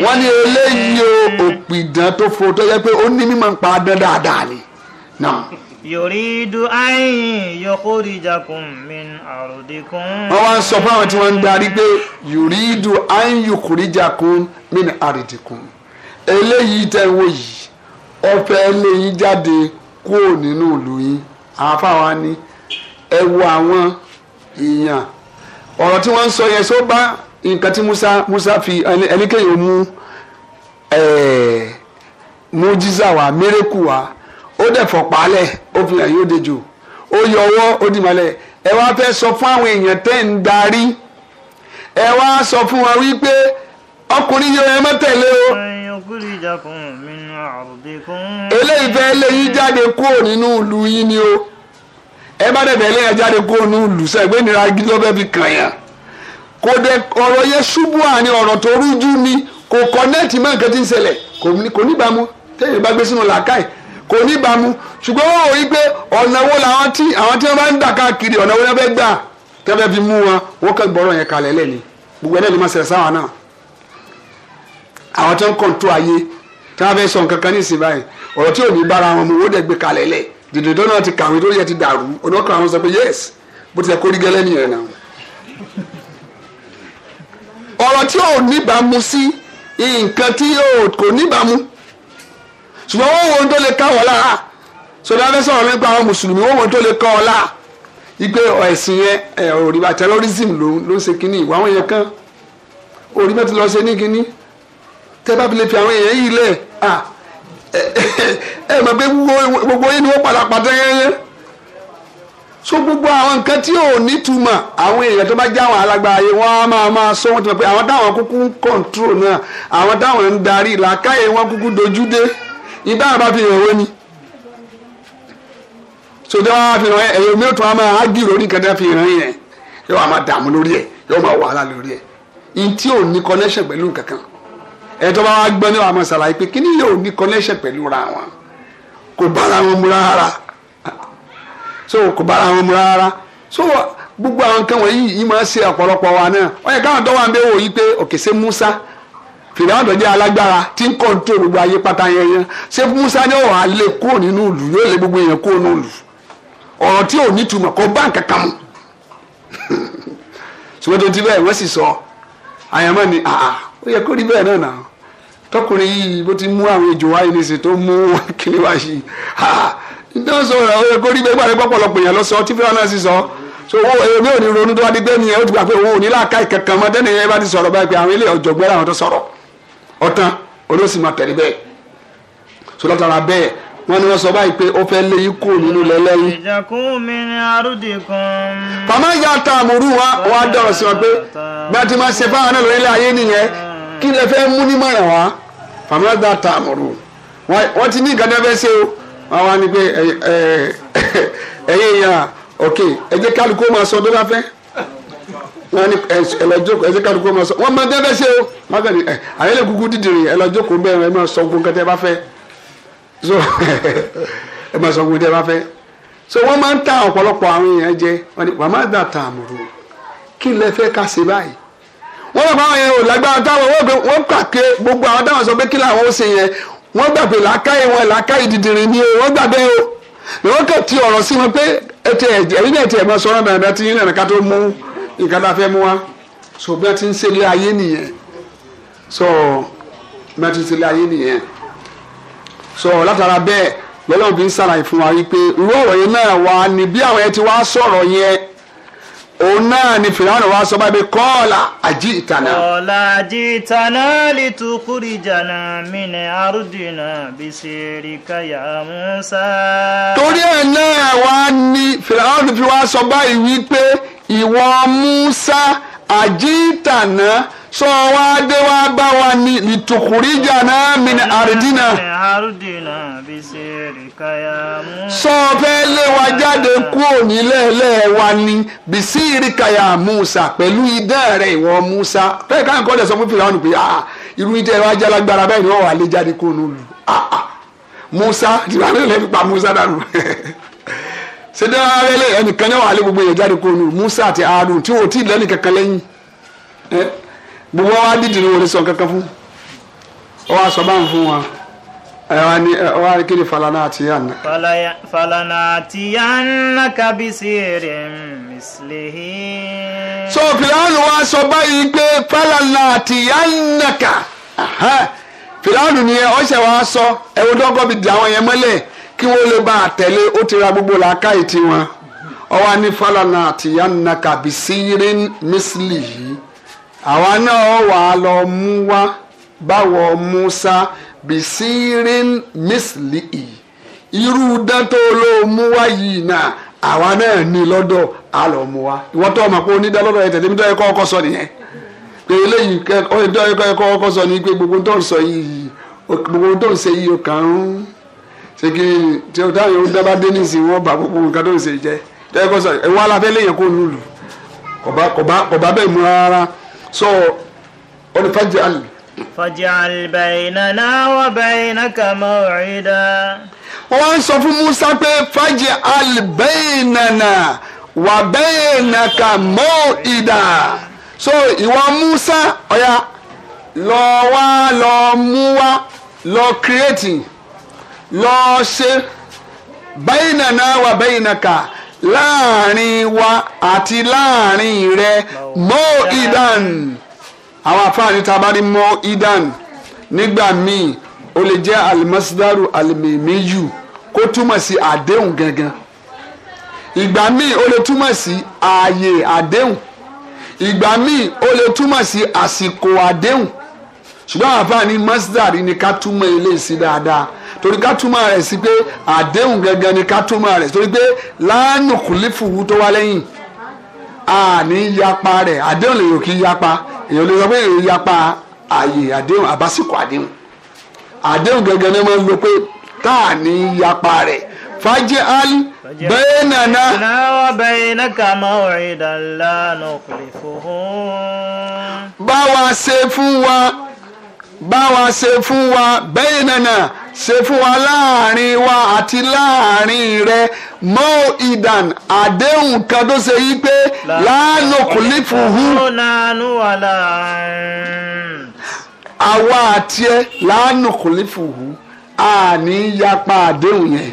wọ́n ní eléyìí òpìdán tó fo tó yẹ pé ó ní mímọ̀ pa dán dáadáa ni. náà yòrídù àyìn yòkóríjàkùn min àròdìkún. wọ́n wá ń sọ fún àwọn tí wọ́n ń darí pé yòrídù àyìn yòkóríjàkùn min àròdìkún eléyìí tẹ́ wo yìí ọ̀fẹ́ eléyìí jáde kúrò nínú ìlú yín àáfàá ni ẹ wo àwọn èèyàn ọ̀rọ̀ tí wọ́n ń sọ yẹn só bá nǹkan tí Musa Musa fi ẹnikẹ́yìn mú ẹ̀ẹ́ mujiza wa miracle wa ó dẹ̀ fọ̀pálẹ̀ ó fi hàn yóò dejò ó yọ ọwọ́ ó ẹ wá fẹ́ sọ fún àwọn èèyàn tẹ́ ń darí ẹ sọ fún wípé ọkùnrin yóò ẹ o. eléyìí fẹ́ léyìn jáde kúrò nínú ìlú yín ni o ẹ bá dẹ̀bẹ̀ léyìn jáde kúrò nínú ìlú sẹ́gbẹ́ nira gidi fẹ́ fi kàn yàn kò dé ọ̀rọ̀ yẹn ṣubú àní ni kò kọ́nẹ́ẹ̀tì mọ́ nǹkan tí ń ṣẹlẹ̀ kò níbàámu kò ní ìbámu ṣùgbọ́n wọ́n rí pé ọ̀nà wo làwọn tí àwọn tí wọ́n bá ń dà káàkiri ọ̀nà wo ló fẹ́ gbà tẹ́fẹ́ fi mú wọn wọ́n kẹ́ gbọ́rọ̀ yẹn kalẹ̀ lẹ́ni gbogbo ẹlẹ́ni máa ṣẹlẹ̀ sáwọn náà àwọn tó ń kọ̀ǹtó ayé tí wọ́n fẹ́ sọ ti kàwé tó yẹ ti dàrú ọ̀dọ́kọ̀ àwọn sọ pé yes bó ti yẹ kó rí gẹ́lẹ́ nìyẹn náà ọ̀rọ̀ tí ò níbàámu sí nǹkan tí kò níbàámu ṣùgbọ́n wọ́n wo ohun tó lè ká wọ́n lára sọdọ afẹ́sọ̀ ọ̀rọ̀ nípa àwọn mùsùlùmí wọ́n wo ohun tó lè ká wọ́n lára ìgbé ẹ̀sìn yẹn òrìbà terrorism ló ń ṣe kínní ìwà àwọn yẹn kan òrìbà ti lọ ṣe ní kínní tẹ́ bá fi lè fi àwọn èèyàn yìí lẹ̀ ẹ mọ̀ pé gbogbo yín ni wọ́n padà pàtẹ́ yẹn so gbogbo àwọn nǹkan tí ò nítumọ̀ àwọn èèyàn tó bá já àwọn alágbára yẹn wọ́n á máa máa sọ wọ́n ti mọ̀ pé àwọn táwọn kúkú ń kọ̀ǹtúrò náà àwọn táwọn ń darí làákàyè wọn kúkú dojú dé. igbá àbá fi hàn so ni sọdọ wa fi hàn ẹyọ mi ò a máa ágì lórí nǹkan fi hàn yẹn yóò máa dààmú lórí ẹ yóò máa wàhálà lórí ẹ n tí ò ní connection pẹ̀lú nǹkan ọ ẹ tó bá wá gbọ́ ní wàá máa kí ni yóò ní ra so so gbogbo wa fìdáwọ́ tó jẹ́ alágbára tí ń kọ́ńtò gbogbo ayé pátá yẹn yẹn ṣé musa yóò wá lé kúrò nínú ìlú yóò lé gbogbo èèyàn kúrò nínú ìlú ọ̀rọ̀ tí ò ní túmọ̀ kọ́ bá nǹkan kan mu ṣùgbọ́n tó bẹ́ẹ̀ wọ́n sì sọ àyàmọ́ ni àà ó yẹ kó rí bẹ́ẹ̀ náà náà tọkùnrin yìí bó ti mú àwọn ìjò wáyé níṣẹ́ tó mú kíni wá sí àà ní wọ́n sọ ó yẹ kó rí bẹ́ẹ̀ gbàdé pọ̀pọ̀lọpọ̀ èèyàn lọ sọ tí fẹ́ràn náà sì sọ so owó èmi ò ní ronú tó wá dé gbẹ́mìí ẹ̀ ó ti gbà pé owó ò ní láàka ìkankan mọ́ tẹ́nìyẹn bá ti sọ̀rọ̀ báyìí pé àwọn ilé ọ̀jọ̀gbẹ́ tó sọ̀rọ̀ ọ̀tán olóòsì máa tẹ̀lé bẹ́ẹ̀ sọlọ́tara bẹ́ẹ̀ wọ́n ní wọ́n sọ báyìí pé ó fẹ́ lé yín kúrò nínú lẹ́lẹ́yìn. ìjàkú mi ni àrùdì kan. bàmá ìyá ta àmúrú wa wàá dọ̀rọ̀ sí wọn pé bí a ti máa ṣe fáwọn náà lórílẹ̀ ayé nìyẹn kí lè fẹ́ mú ní mọ̀ràn wá bàmá ìyá ta àmúrú wọ́n ti ní nǹkan tó fẹ́ ṣe o wọ́n wá ní pé ẹ̀yìn ìyá ok ẹ jẹ́ kálukú máa sọ tó bá fẹ́ wọn ni ẹlọjọkọ ẹsẹ kálukú ma sọ wọn máa dẹ́fẹ́ ṣe o wọn kàn ní ẹ àyẹlẹ kúkú dídìrín ẹlọjọkọ bẹ́ẹ̀ ẹ máa sọ gbogbo nǹkan so ẹ máa sọ gbogbo tẹ́ bá so wọn máa ń ta ọ̀pọ̀lọpọ̀ àwọn èèyàn jẹ wọn ni wàá má dà tà àmúrò kí lẹ fẹ́ ká ṣe báyìí wọn lọ fáwọn yẹn ò lágbára táwọn wọn gbé wọn kà pé gbogbo àwọn táwọn sọ pé kí làwọn ó ṣe yẹn wọn gbà pé làákàyè wọn làákàyè dídìrín ni o wọn gbà bẹ́ẹ̀ o lọ́wọ́ kàn ti ọ̀rọ̀ sí wọn pé ẹ̀yin náà nǹkan tá a fẹ́ mú wa so bí wọ́n ti ń ṣe ilé ayé nìyẹn so bí wọ́n ti ń ṣe ayé nìyẹn so látara bẹ́ẹ̀ lọ́lọ́run fi ń ṣàlàyé fún wa wípé irú ọ̀rọ̀ yẹn náà wà ní bí àwọn ẹ ti wá sọ̀rọ̀ yẹn òun náà ni fìlànà wa sọ báyìí kọ́ọ̀lá àjí ìtànà. kọ́ọ̀lá àjí ìtànà lè tún kúrì jàǹdà mìíràn àrùdìnà bí sèrè káyà Mùsá. torí ẹ̀ náà wá ní fìlànà fi wá sọ báyìí wípé ìwọ Musa àjítànà sọ wa dé wa bá wa ní ìtùkùrìjà náà mi ní àrídìnà. sọ fẹ́ lé wa jáde kúrò nílẹ̀ lẹ́ wa ní bìsí ìrìkàyà Musa pẹ̀lú idán rẹ̀ ìwọ Musa fẹ́ẹ́ ká nǹkan ọ̀dẹ̀ sọ fún Fìlàwọn pé ah, irú idẹ́ wa jẹ́ lágbára báyìí ni wọ́n wà lé jáde kúrò nílùú ah, ah. Musa ìgbà mélòó lẹ́ fi pa Musa dànù. ṣé dáhàrẹ́lẹ̀ ẹnìkan náà wà lé gbogbo èèyàn jáde kó nu Musa àti Harun tí wọ́n ti lẹ́nu kankan lẹ́yìn gbogbo wa dídì ni wọ́n lè sọ kankan fún ọ wa fún wa ẹ ni ẹ wa falana àti yanna. falana àti yanna kábíyèsí rẹ̀ mislihi. sọ fìlànà wa sọ báyìí pé falana àti yanna ká fìlànà ni ẹ ọ ṣe wa sọ ẹ wo dọ́gọ́ bi di àwọn yẹn mọ́lẹ̀. kí wọ́n lè bá a tẹ̀lé ó ti ra gbogbo làákàyè tiwọn ọwọ́ ní falana àti yanna kàbí sírí mísìlì yìí àwa náà wà á lọ mú wá Musa bí sírí mísìlì yìí irú dántó ló mú wá yìí náà àwa náà ní lọ́dọ̀ á lọ mú wá ìwọ́n tó ọmọ pé onídàá ẹ̀ tẹ̀lé mi tó yẹ kọ́ ọkọ sọ nìyẹn kọ́ ọkọ sọ pé gbogbo tó ń sọ yìí gbogbo tó ń yìí ṣé kí tí o táwọn yòówù dábàá dé nísìnyí wọ́n bá gbogbo nǹkan tó ń ṣe jẹ́ tẹ́lẹ̀ kọ́ sọ ẹ̀wọ́n aláfẹ́ kó rárá so ọ̀nà fàjẹ́ àlè. fàjẹ́ àlè bẹ̀yìn náà wọ́n sọ fún Musa pé fàjẹ́ àlè bẹ̀yìn náà wà bẹ́ẹ̀ nàkà so ìwọ Musa ọ̀ya lọ wá lọ mú wá lọ lọ́ọ́ ṣe báyìnà náà wà báyìnà kà láàrin wa àti láàrin rẹ mọ idan àwọn afáàní tá a bá rí mọ idan nígbà míì ó lè jẹ́ alimasidaru alimemiyu kó túmọ̀ sí àdéhùn gangan ìgbà míì ó lè túmọ̀ sí ààyè àdéhùn ìgbà míì ó lè túmọ̀ sí àsìkò àdéhùn ṣùgbọ́n àáfàá ní masdar ni ká túmọ̀ eléyìí sí dáadáa torí ká túmọ̀ rẹ̀ sí pé àdéhùn gangan ni ká túmọ̀ rẹ̀ torí pé láàánú kùlífùwù tó wá lẹ́yìn àní yapa rẹ̀ àdéhùn lè yòó kí yapa èèyàn lè sọ pé èèyàn yapa àyè àdéhùn àbásìkò àdéhùn àdéhùn gangan ni wọ́n lò pé tá à ní yapa rẹ̀ fàájì ali bẹ́ẹ̀ nàná. náwó bẹ́ẹ̀ ní kàmá òrìdà báwa ṣe fún wa. bá wa ṣe fún wa bẹ́yìn nànà ṣe fún wa láàrin wa àti láàrin rẹ mọ ìdàn àdéhùn kan tó ṣe yí pé láàánú kò ní fùhù. àwa àti ẹ láàánú kò ní fùhù àní yapa àdéhùn yẹn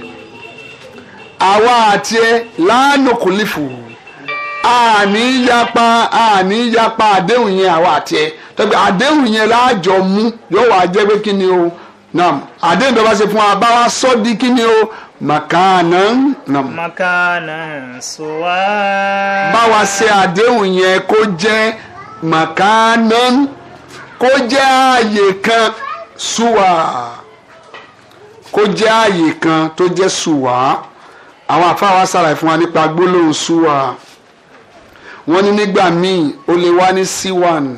àwa àti ẹ láàánú kò ní fùhù àní yapa àní yapa àdéhùn yẹn àwa àti ẹ. tẹ́gbẹ́ àdéhùn yẹn láàjọ mú yóò wá jẹ́ pé kí ni o nam àdéhùn tó bá ṣe fún wa bá wa sọ di kí ni o màkànà nam. màkànà sùwà. bá wa ṣe àdéhùn yẹn kó jẹ́ màkànà kó jẹ́ ààyè kan sùwà kó jẹ́ ààyè kan tó jẹ́ sùwà àwọn àfáà wa ṣàlàyé fún wa nípa gbólóhùn sùwà wọ́n ní nígbà míì ó lè wá ní c one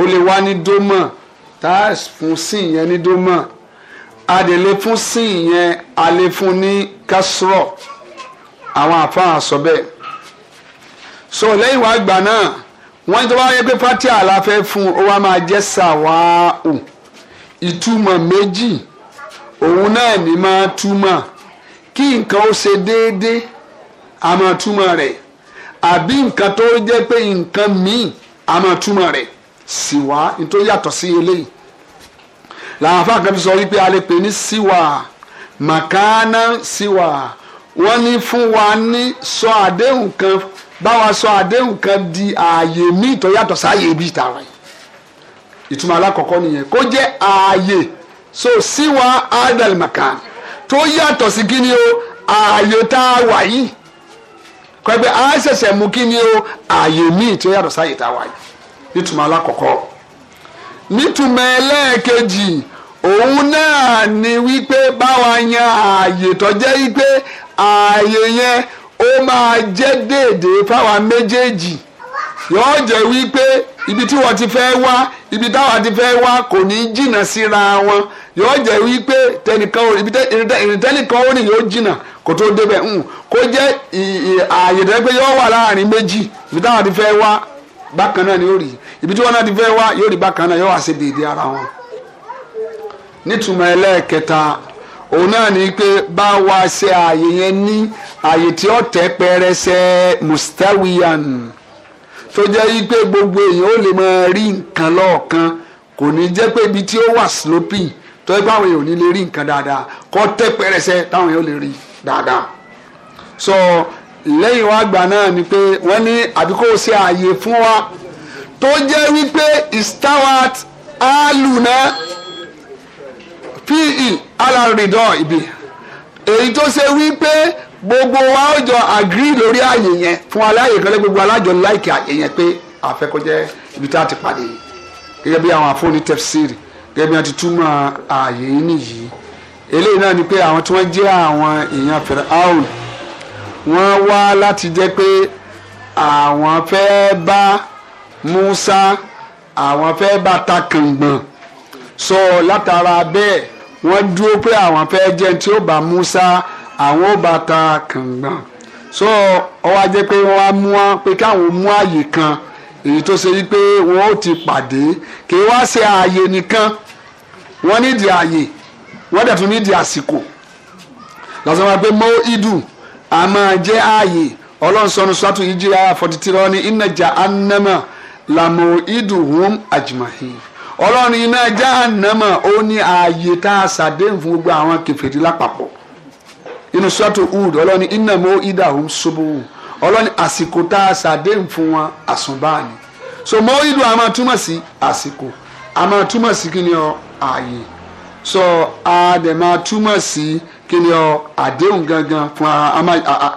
ó lè wá ní dómọ̀ tá a fún sí yẹn ní dómọ̀ a dẹ̀ lè fún sí yẹn a lè fún ní kásírọ̀ àwọn àfáà sọ bẹ́ẹ̀ so lẹ́yìn wá gbà náà wọ́n tó bá yẹ pé fatia aláfẹ́ fún ó wá máa jẹ́ sàwáù ìtumọ̀ méjì òun náà ní máa túmọ̀ kí nǹkan ó ṣe déédéé a máa túmọ̀ àbí nǹkan tó jẹ́ pé nǹkan míì a máa túmọ̀ Siwa, nítorí yàtọ̀ sí eléyìí làwọn afáà kan fi sọ wípé a lè pè ní síwá màkánà síwá wọ́n ní fún wa ní sọ àdéhùn kan báwa sọ àdéhùn kan di ààyè míì tó yàtọ̀ sáàyè ibi ìtàwé ìtumọ̀ alákọ̀ọ́kọ́ nìyẹn kó jẹ́ ààyè so siwa adal makan tó yàtọ̀ sí kí ni o ààyè tá a wà yìí kọ́ ẹ pé a ṣẹ̀ṣẹ̀ mú kí ni o ààyè míì tó yàtọ̀ sáàyè tá a wà yìí nítumọ̀ alákọ̀ọ́kọ́ nítumọ̀ ẹlẹ́ẹ̀kejì òun náà ni wípé báwa yan ààyè tó jẹ́ wípé ààyè yẹn ó máa jẹ́ déédéé fáwa méjèèjì yóò jẹ́ wípé ibi tí wọ́n ti fẹ́ wá ibi táwa ti fẹ́ wá kò ní jìnnà síra wọn yóò jẹ́ wípé tẹnìkan ibi yóò jìnnà kò tó débẹ̀ hmm, kó jẹ́ ààyè tó pé yóò wà láàrin méjì ibi táwa ti fẹ́ wá bákan náà ni yóò rí ibi tí wọn náà ti fẹ́ wá yóò rí bákan náà yóò wá ṣe déédéé ara wọn nítumọ̀ ẹlẹ́ẹ̀kẹta òun náà ni pé bá wa ṣe ààyè yẹn ní ààyè tí ó tẹ́ pẹrẹsẹ mustawiyan tó jẹ́ yí pé gbogbo èèyàn ó lè máa rí nǹkan lọ́ọ̀kan kò ní jẹ́ pé ibi tí ó wà slopy tó yẹ pé èèyàn ò ní lè rí nǹkan dáadáa kó tẹ́ pẹrẹsẹ táwọn èèyàn ò lè rí dáadáa so lẹ́yìn wá gbà náà ni pé wọ́n ní àbíkó ṣe ààyè fún wa tó jẹ́ wípé istawat aluna fi alaridọ ibi èyí tó ṣe wípé gbogbo wa ó jọ agree lórí ààyè yẹn fún aláyè kan lé gbogbo alájọ láìkì ààyè yẹn pé àfẹ́kọ́jẹ́ ibi tá a ti pàdé yìí gẹ́gẹ́ bí àwọn àfọ́ni tẹ̀fsírì gẹ́gẹ́ bí wọ́n ti túmọ̀ ààyè yìí nìyí eléyìí náà ni pé àwọn tí wọ́n jẹ́ àwọn èèyàn fẹ̀rẹ̀ áwùn wọ́n wá láti jẹ́ pé àwọn fẹ́ bá Musa àwọn fẹ́ bá ta kàngbọ̀n sọ so, látara bẹ́ẹ̀ wọ́n dúró pé àwọn fẹ́ jẹ́ tí ó bá Musa àwọn ó bá ta kàngbọ̀n sọ ọ wá jẹ́ pé wọ́n á mú wọn pé káwọn mú àyè kan èyí tó ṣe wípé wọn ó ti pàdé kì í wá ṣe ààyè nìkan wọ́n nídìí ààyè wọ́n dẹ̀ tún nídìí àsìkò lọ́sọ̀rọ̀ pé mọ́ ìdùn a máa jẹ́ ààyè ọlọ́run sọnù sọ́tù ìjìyà fọ́títìrọ́ ní iná jà ánámà làmú ìdùnwóm àjùmáhì ọlọ́run iná jà ánámà ó ní ààyè tá a ṣàdéhùn fún gbogbo àwọn kẹfẹ́dí lápapọ̀ inú sọ́tù ud ọlọ́run iná mọ́ ìdàhùn ṣubú ọlọ́run àsìkò tá a ṣàdéhùn fún wọn àsùnbáàní so mọ́ ìdù a máa túmọ̀ sí àsìkò a máa túmọ̀ sí kí ni ààyè so a dẹ̀ máa túmọ̀ sí. Si, kí ni ọ àdéhùn gangan fún ara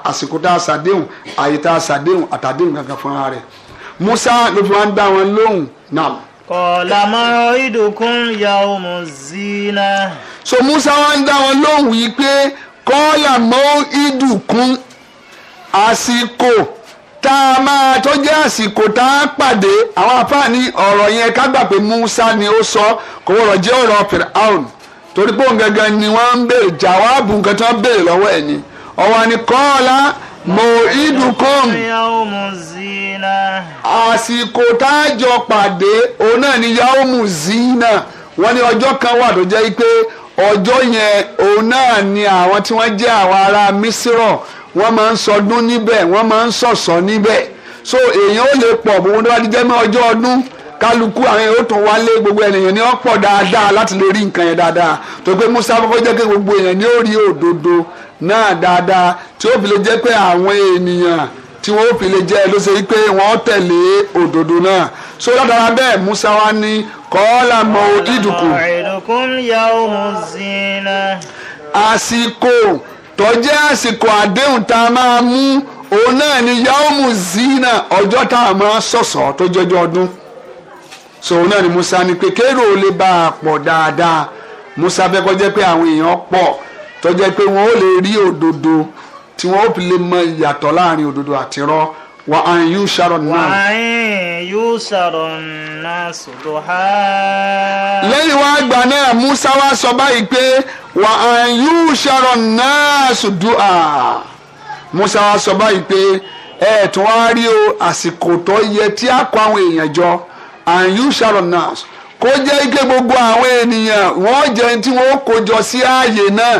àsìkò tá a ṣàdéhùn àyè tá a ṣàdéhùn àtàdéhùn gangan fún ara rẹ̀ Musa ló fi wá ń dá wọn lóhùn náà. kọ̀ọ̀lá mọ́ ìdòkun yàwó mọ̀ so Musa wá ń dá wọn lóhùn yìí pé kọ́ọ̀lá mọ́ ìdùnkún àsìkò tá a máa tó jẹ́ àsìkò tá a pàdé àwọn afáàní ọ̀rọ̀ yẹn ká gbà pé Musa ni ó sọ kò wọ́n rọ̀ jẹ́ ọ̀rọ̀ Fir'aun. torí pé òun ni wọ́n ń béèrè jàwáàbù nǹkan tí wọ́n béèrè lọ́wọ́ ẹ̀ ni ọ̀wọ́ ni kọ́ọ̀lá mo idukom àsìkò tá pàdé òun náà ni yaomu zina wọn ní ọjọ́ kan wà tó jẹ́ pé ọjọ́ yẹn òun náà ni àwọn tí wọ́n jẹ́ àwọn ará mísírọ̀ wọ́n máa ń sọdún níbẹ̀ wọ́n máa ń sọ̀sọ́ níbẹ̀ so èèyàn ò lè pọ̀ bó wọn tó bá mọ́ ọjọ́ ọdún kálukú àwọn yẹn ó tún wálé gbogbo ènìyàn ni wọ́n pọ̀ dáadáa láti lè rí nǹkan yẹn dáadáa tó pé Musa kọ́kọ́ jẹ́ pé gbogbo èèyàn ni ó rí òdodo náà dáadáa tí ó fi lè jẹ́ pé àwọn ènìyàn tí wọ́n fi lè jẹ́ ló ṣe pé wọ́n tẹ̀lé òdodo náà so látara bẹ́ẹ̀ Musa wa ní kọ́ọ́lá mọ ìdùkú. àsìkò tó àsìkò àdéhùn tá a máa mú òun náà ni yahoo zina ọjọ́ tá a máa ṣọ̀ṣọ́ tó jọjọ́ ọdún so òun náà ni Musa ni pé kérò ó lè bá a pọ̀ dáadáa Musa fẹ́ kó jẹ́ pé àwọn èèyàn pọ̀ tó jẹ́ pé wọn ó lè rí òdodo tí wọn ó fi lè mọ ìyàtọ̀ láàrin òdodo àti rọ́ wà á ń yú sàrọ̀ náà. wà á ń yú sàrọ̀ náà sọ̀dọ̀ ha. lẹ́yìn wá gbà náà Musa wá sọ báyìí pé wà á ń yú sàrọ̀ náà sọ̀dọ̀ ha. Musa wá sọ báyìí pé ẹ̀ẹ́dùn wá rí o àsìkò tó yẹ tí a kó àwọn èèyàn jọ àyùsàrọ̀ náà kó jẹ́ ike gbogbo àwọn ènìyàn wọ́n jẹ́ tí wọ́n kó jọ sí ààyè náà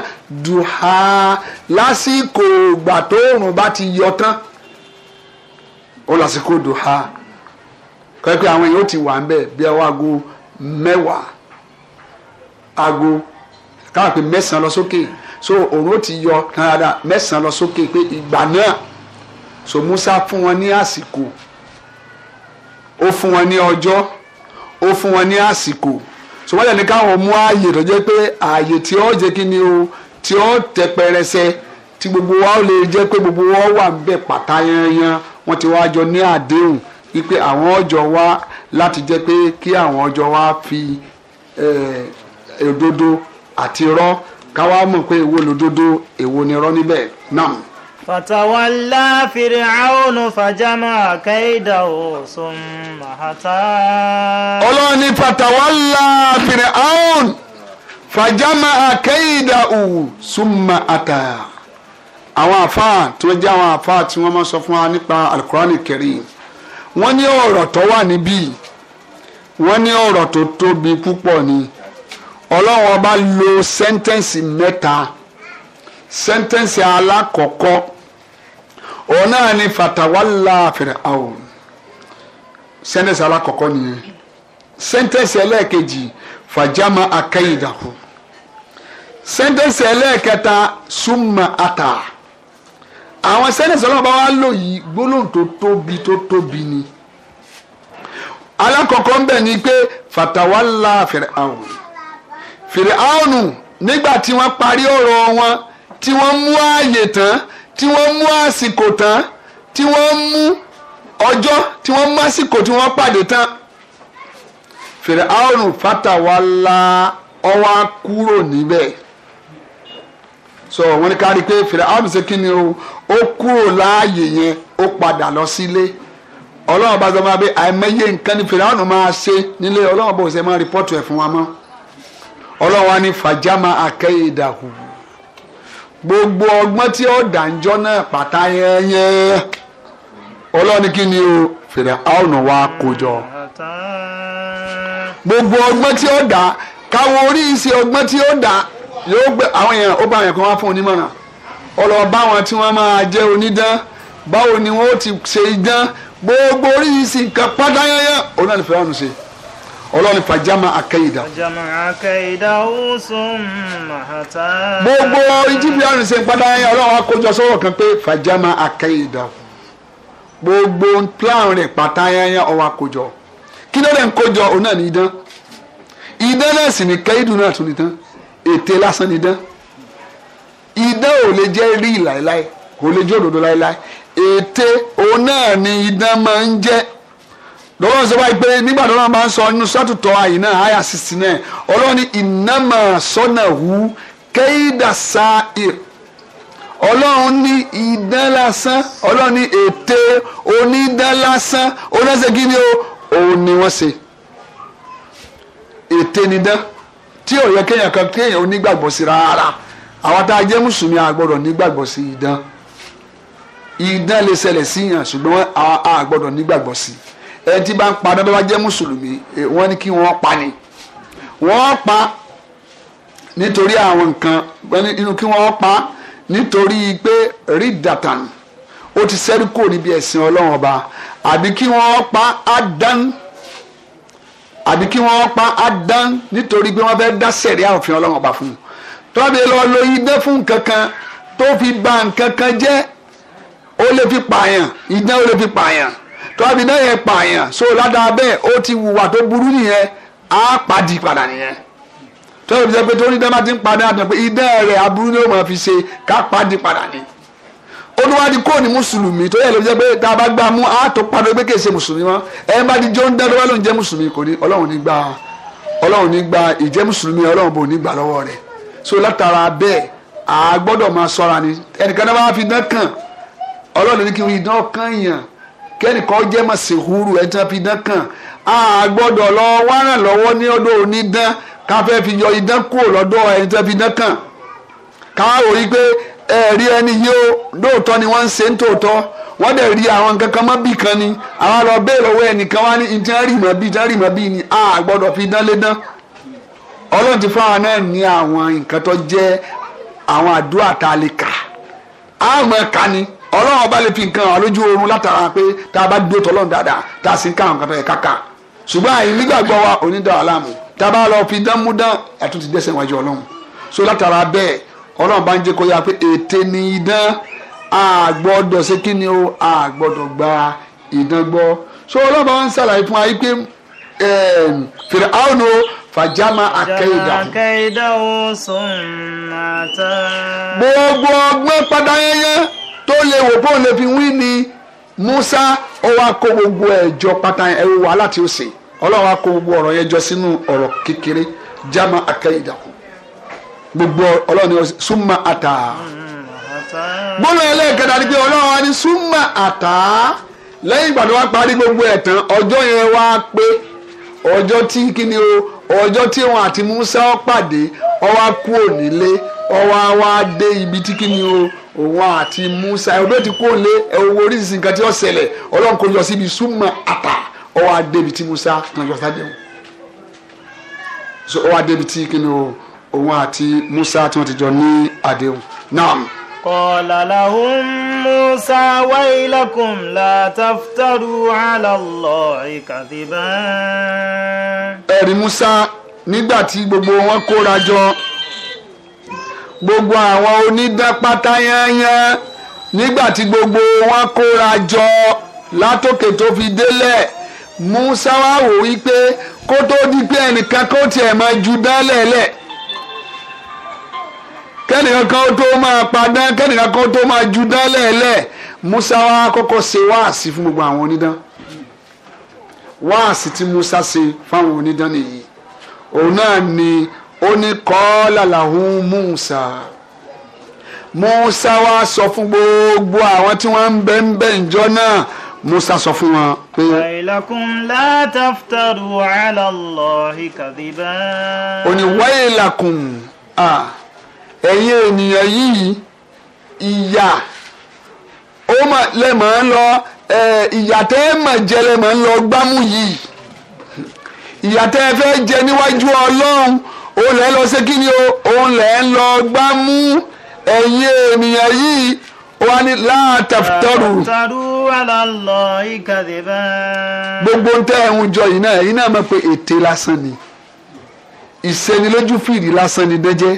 dùhà lásìkò ìgbà tó òrùn bá ti yọ tán ó lásìkò dùhà kẹ́kẹ́ àwọn èèyàn ó ti wà ń bẹ̀ bí ọwọ́ aago mẹ́wàá aago káàpì mẹ́sàn lọ sókè so òrùn ó ti yọ tán dáadáa mẹ́sàn lọ sókè pé ìgbà náà so Musa fún wọn ní àsìkò ó fún wọn ní ọjọ́ ó fún wọn ní àsìkò so wọ́n yẹni káwọn mú ààyè tó jẹ́ pé ààyè tí ó jẹ́ kí ni o tí ó tẹ pẹrẹsẹ tí gbogbo wa ó lè jẹ́ pé gbogbo wa wà ń bẹ̀ pàtà yanyan wọ́n ti wá jọ ní àdéhùn wípé àwọn ọjọ́ wa láti jẹ́ pé kí àwọn ọjọ́ wa fi òdodo àti irọ́ káwá mọ̀ pé èwo lòdodo èwo ni irọ́ níbẹ̀ náà. فتولى فرعون فجمع كيده ثم هتى ọlọ́ni فتولى فرعون فجمع كيده ثم أتى àwọn àfáà tí wọ́n jẹ́ àwọn àfáà tí wọ́n máa sọ fún wa nípa alukurani Karim wọ́n ní ọ̀rọ̀ tó wà níbí wọ́n ní ọ̀rọ̀ tó tóbi púpọ̀ ni Ọlọ́run ọba lo sẹ́ńtẹ́ǹsì mẹ́ta sẹ́ńtẹ́ǹsì alákọ̀ọ́kọ́ òun náà ni fatawala Fir'aun sẹ́ńtẹ́sì alákọ̀ọ́kọ́ nìyẹn sẹ́ńtẹ́sì ẹlẹ́ẹ̀kejì fàjámà akẹ́yìndàkú sẹ́ńtẹ́sì ẹlẹ́ẹ̀kẹta súnmọ́ ata àwọn sẹ́ńtẹ́sì ọlọ́run bá wá lò yìí gbólóhùn tó tóbi tó tóbi ni alákọ̀ọ́kọ́ ń bẹ̀ ni pé fatawala Fir'aun Fir'aun nígbà tí wọ́n parí ọ̀rọ̀ wọn tí wọ́n mú ààyè tán tí wọ́n mú àsìkò tán tí wọ́n mú ọjọ́ tí wọ́n mú àsìkò tí wọ́n pàdé tán fèrè àrùn fàtàwálà ọwá kúrò níbẹ̀ so wọ́n ní ká rí i pé fèrè àrùn ṣe kí ni o ó kúrò láàyè yẹn ó padà lọ sílé ọlọ́run bá sọ ma pé àìmọye nǹkan ni fèrè àrùn máa ṣe nílé ọlọ́run bó ṣe máa rìpọ́tù ẹ̀ fún wa mọ́ ọlọ́run wa ní fàjámà àkẹ́yẹ̀dàhùn gbogbo ọgbọ́n tí ó dànjọ́ náà pàtà yẹ́nyẹ́ ọlọ́ni kí ni o fèrè àwọn wa kó jọ gbogbo ọgbọ́n tí ó dà káwọn orí iṣẹ́ ọgbọ́n tí ó dà yóò gbé àwọn èèyàn ó bá àwọn wá fún onímọ̀ràn ọlọ́ọ̀ bá wọn tí wọ́n máa jẹ́ onídán báwo ni wọ́n ti ṣe idán gbogbo orí nǹkan fèrè àwọn ṣe. ọlọ́run fàjámà àkẹ́yìdá. fàjámà àkẹ́yìdá ó sún màtá. gbogbo ìjìbìlì àrùn ṣe ń padà yẹn ọlọ́run akójọ sọ̀rọ̀ kan pé fàjámà àkẹ́yìdá gbogbo plan rẹ̀ pátá yẹn ọwọ́ akójọ kí ló dé ń kójọ òun náà ní idán idán náà sì ní kẹ́yìdù náà tún ní tán ète lásán ní idán idán ò lè jẹ́ rí láéláé kò lè jẹ́ òdodo láéláé ète òun náà ní idán máa ń jẹ́ lọ́wọ́ sọ wáyé pé nígbà tó náà máa ń sọ nínú sátútọ̀ àyè náà àyà sixty nine ọlọ́run ní ìnámà sọ́nà wú kéèdà sa ìr ọlọ́run ní idán lásán ọlọ́run ní ète onídán lásán kí ni o òun ni wọ́n ṣe ète nidán tí ò yẹ kéèyàn kan kéèyàn onígbàgbọ́ sí rárá àwọn tá a jẹ́ mùsùlùmí a gbọ́dọ̀ nígbàgbọ́ sí idán idán lè ṣẹlẹ̀ síyàn ṣùgbọ́n a gbọ́dọ̀ nígbàgbọ́ sí i ẹni tí bá ń padà bá jẹ́ mùsùlùmí eh, wọ́n ní kí wọ́n pa ni wọ́n pa nítorí àwọn nǹkan inú kí wọ́n pa nítorí pé rídàtàn ó ti sẹ́rí kò níbi ẹ̀sìn ọlọ́run ọba àbí kí wọ́n pa adán àbí kí wọ́n pa adán nítorí pé wọ́n fẹ́ dá sẹ̀rí àwòfin ọlọ́run ọba fún un tọ́bi lọ lo idán fún nǹkan tó fi ba nǹkan jẹ́ ó lè fi pààyàn idán ó lè fi pààyàn tọ́wọ́ fi bẹ́ẹ̀ yẹn pààyàn so ládàá bẹ́ẹ̀ ó ti wùwà tó burú nìyẹn á pàdí padà nìyẹn tọ́wọ́ sọ pé torí dẹ́ẹ́ bá ti ń padà àtàn pé idẹ́ rẹ̀ aburú ni ó máa fi ṣe ká pàdí padà ni olùwádìí kò ní mùsùlùmí tó yẹ lè jẹ pé tá a bá gbà mú a tó padà pé kì í ṣe mùsùlùmí mọ́ ẹ bá di jó ń dá lọ́wọ́ ló ń jẹ́ mùsùlùmí kò ní ọlọ́run ní gbà ọlọ́run ní gbà ìjẹ́ mùsùlùmí ọlọ́run bò ní gbà lọ́wọ́ rẹ̀ so látara bẹ́ẹ̀ a gbọ́dọ̀ máa ṣọ́ra ni ẹnìkan náà bá fi dán kàn ọlọ́run ní kí n rí dán kàn yàn kẹ́nìkan jẹ́ ọ sèhúrù ẹ̀ tí fi dán kàn á gbọ́dọ̀ lọ wárán lọ́wọ́ ní onídán ká fi yọ idán kúrò lọ́dọ̀ ẹ̀ tí fi wò yí pé ẹ̀rí ẹni yìí ó lóòótọ́ ni wọ́n ń ṣe ń wọ́n dẹ̀ rí àwọn nǹkan kan kan ni àwọn lọ bẹ́ẹ̀ lọ́wọ́ wá ní a gbọ́dọ̀ fi dán lé dán ọlọ́run ti fún àwọn náà ní àwọn nǹkan ni. ọlọ́run ọba lè fi nǹkan hàn lójú oorun látara pé tá a bá dúró tọ́lọ́run dáadáa tá a sì ń ká àwọn kan tó yẹ káka ṣùgbọ́n àyè nígbàgbọ́ wa onídàá aláàmù tá a bá lọ fi dán mú dán ẹ̀tún ti dẹ́sẹ̀ wájú ọlọ́run so látara bẹ́ẹ̀ ọlọ́run bá ń jẹ́ kó yá pé ète ni idán àgbọ́dọ̀ ṣe kí ni o àgbọ́dọ̀ gba idán gbọ́ so ọlọ́run bá ń ṣàlàyé fún wa yìí pé fèrè àwọn o fàjámà àkẹ́yìdà. gbogbo ọgbọ́n padà yẹn yẹn tó lè wò bóun lè fi wí ni Musa ó wá gbogbo ẹjọ pátá ẹ̀rù wàhálà gbogbo ọ̀rọ̀ yẹn jọ sínú ọ̀rọ̀ kékeré jama gbogbo ọlọ́run ni ata àtà ni pé àtà gbogbo ẹ̀ ọjọ yẹn wá pé ọjọ́ tí kíni o tí wọn àti Musa pàdé dé ibi tí kíni o òun àti Musa ẹ̀ ọdún ti kó lé ẹ̀ owó oríṣiríṣi nǹkan tí ó ṣẹlẹ̀ ọlọ́run kò yọ síbi súnmọ́ àtà ọwọ́ adébi tí Musa kan yọ sáde wọn so ọwọ́ adébi ti kí ni o òun àti Musa tí wọ́n ti jọ ní àdéhùn náà. kọ́lá làwọn Musa wailakum la taftaru ala Allahi kadiban. ẹ̀rí Musa nígbà tí gbogbo wọn kóra jọ gbogbo àwọn onídán pátá yányán nígbà tí gbogbo wọn kóra jọ látòkè tó fi délẹ̀ Musa wá wò wípé kó tó di pé ẹnìkan kó tiẹ̀ máa ju dán lẹ̀lẹ̀ kẹ́nìkan kan tó máa padán kẹ́nìkan kan tó máa ju dán lẹ̀lẹ̀ Musa wá kọ́kọ́ ṣe wáàsí fún gbogbo àwọn onídán wáàsí tí Musa ṣe fáwọn onídán nìyí òun náà ni ó ní kọ́ọ́lá làwọn Musa Musa wa sọ fún gbogbo àwọn tí wọ́n ń bẹ ń bẹ ǹjọ́ náà Musa sọ fún wọn pé. wàyílàkùn látàfítàrù aláàlọ́hì kàdíbà. ó ní wàyílàkùn ẹ̀yin ènìyàn yìí ìyà ó mà lè máa ń lọ ìyà tẹ́ ẹ mà jẹ lè máa ń lọ gbámú yìí ìyà tẹ́ ẹ fẹ́ jẹ níwájú Ọlọ́run òun lẹ́ lọ sí kí ni o òun lẹ́ ń lọ gbá mú ẹ̀yin ènìyàn yìí wọ́n á ní láàtàfítọ́rù. láàtàrú àlàlọ́ ìkàdébà. gbogbo ń tẹ́ ẹ̀hún jọ yìí náà yìí náà mọ̀ pé ète lásán ni ìsenilójú fìrí lásán ni dẹ́jẹ́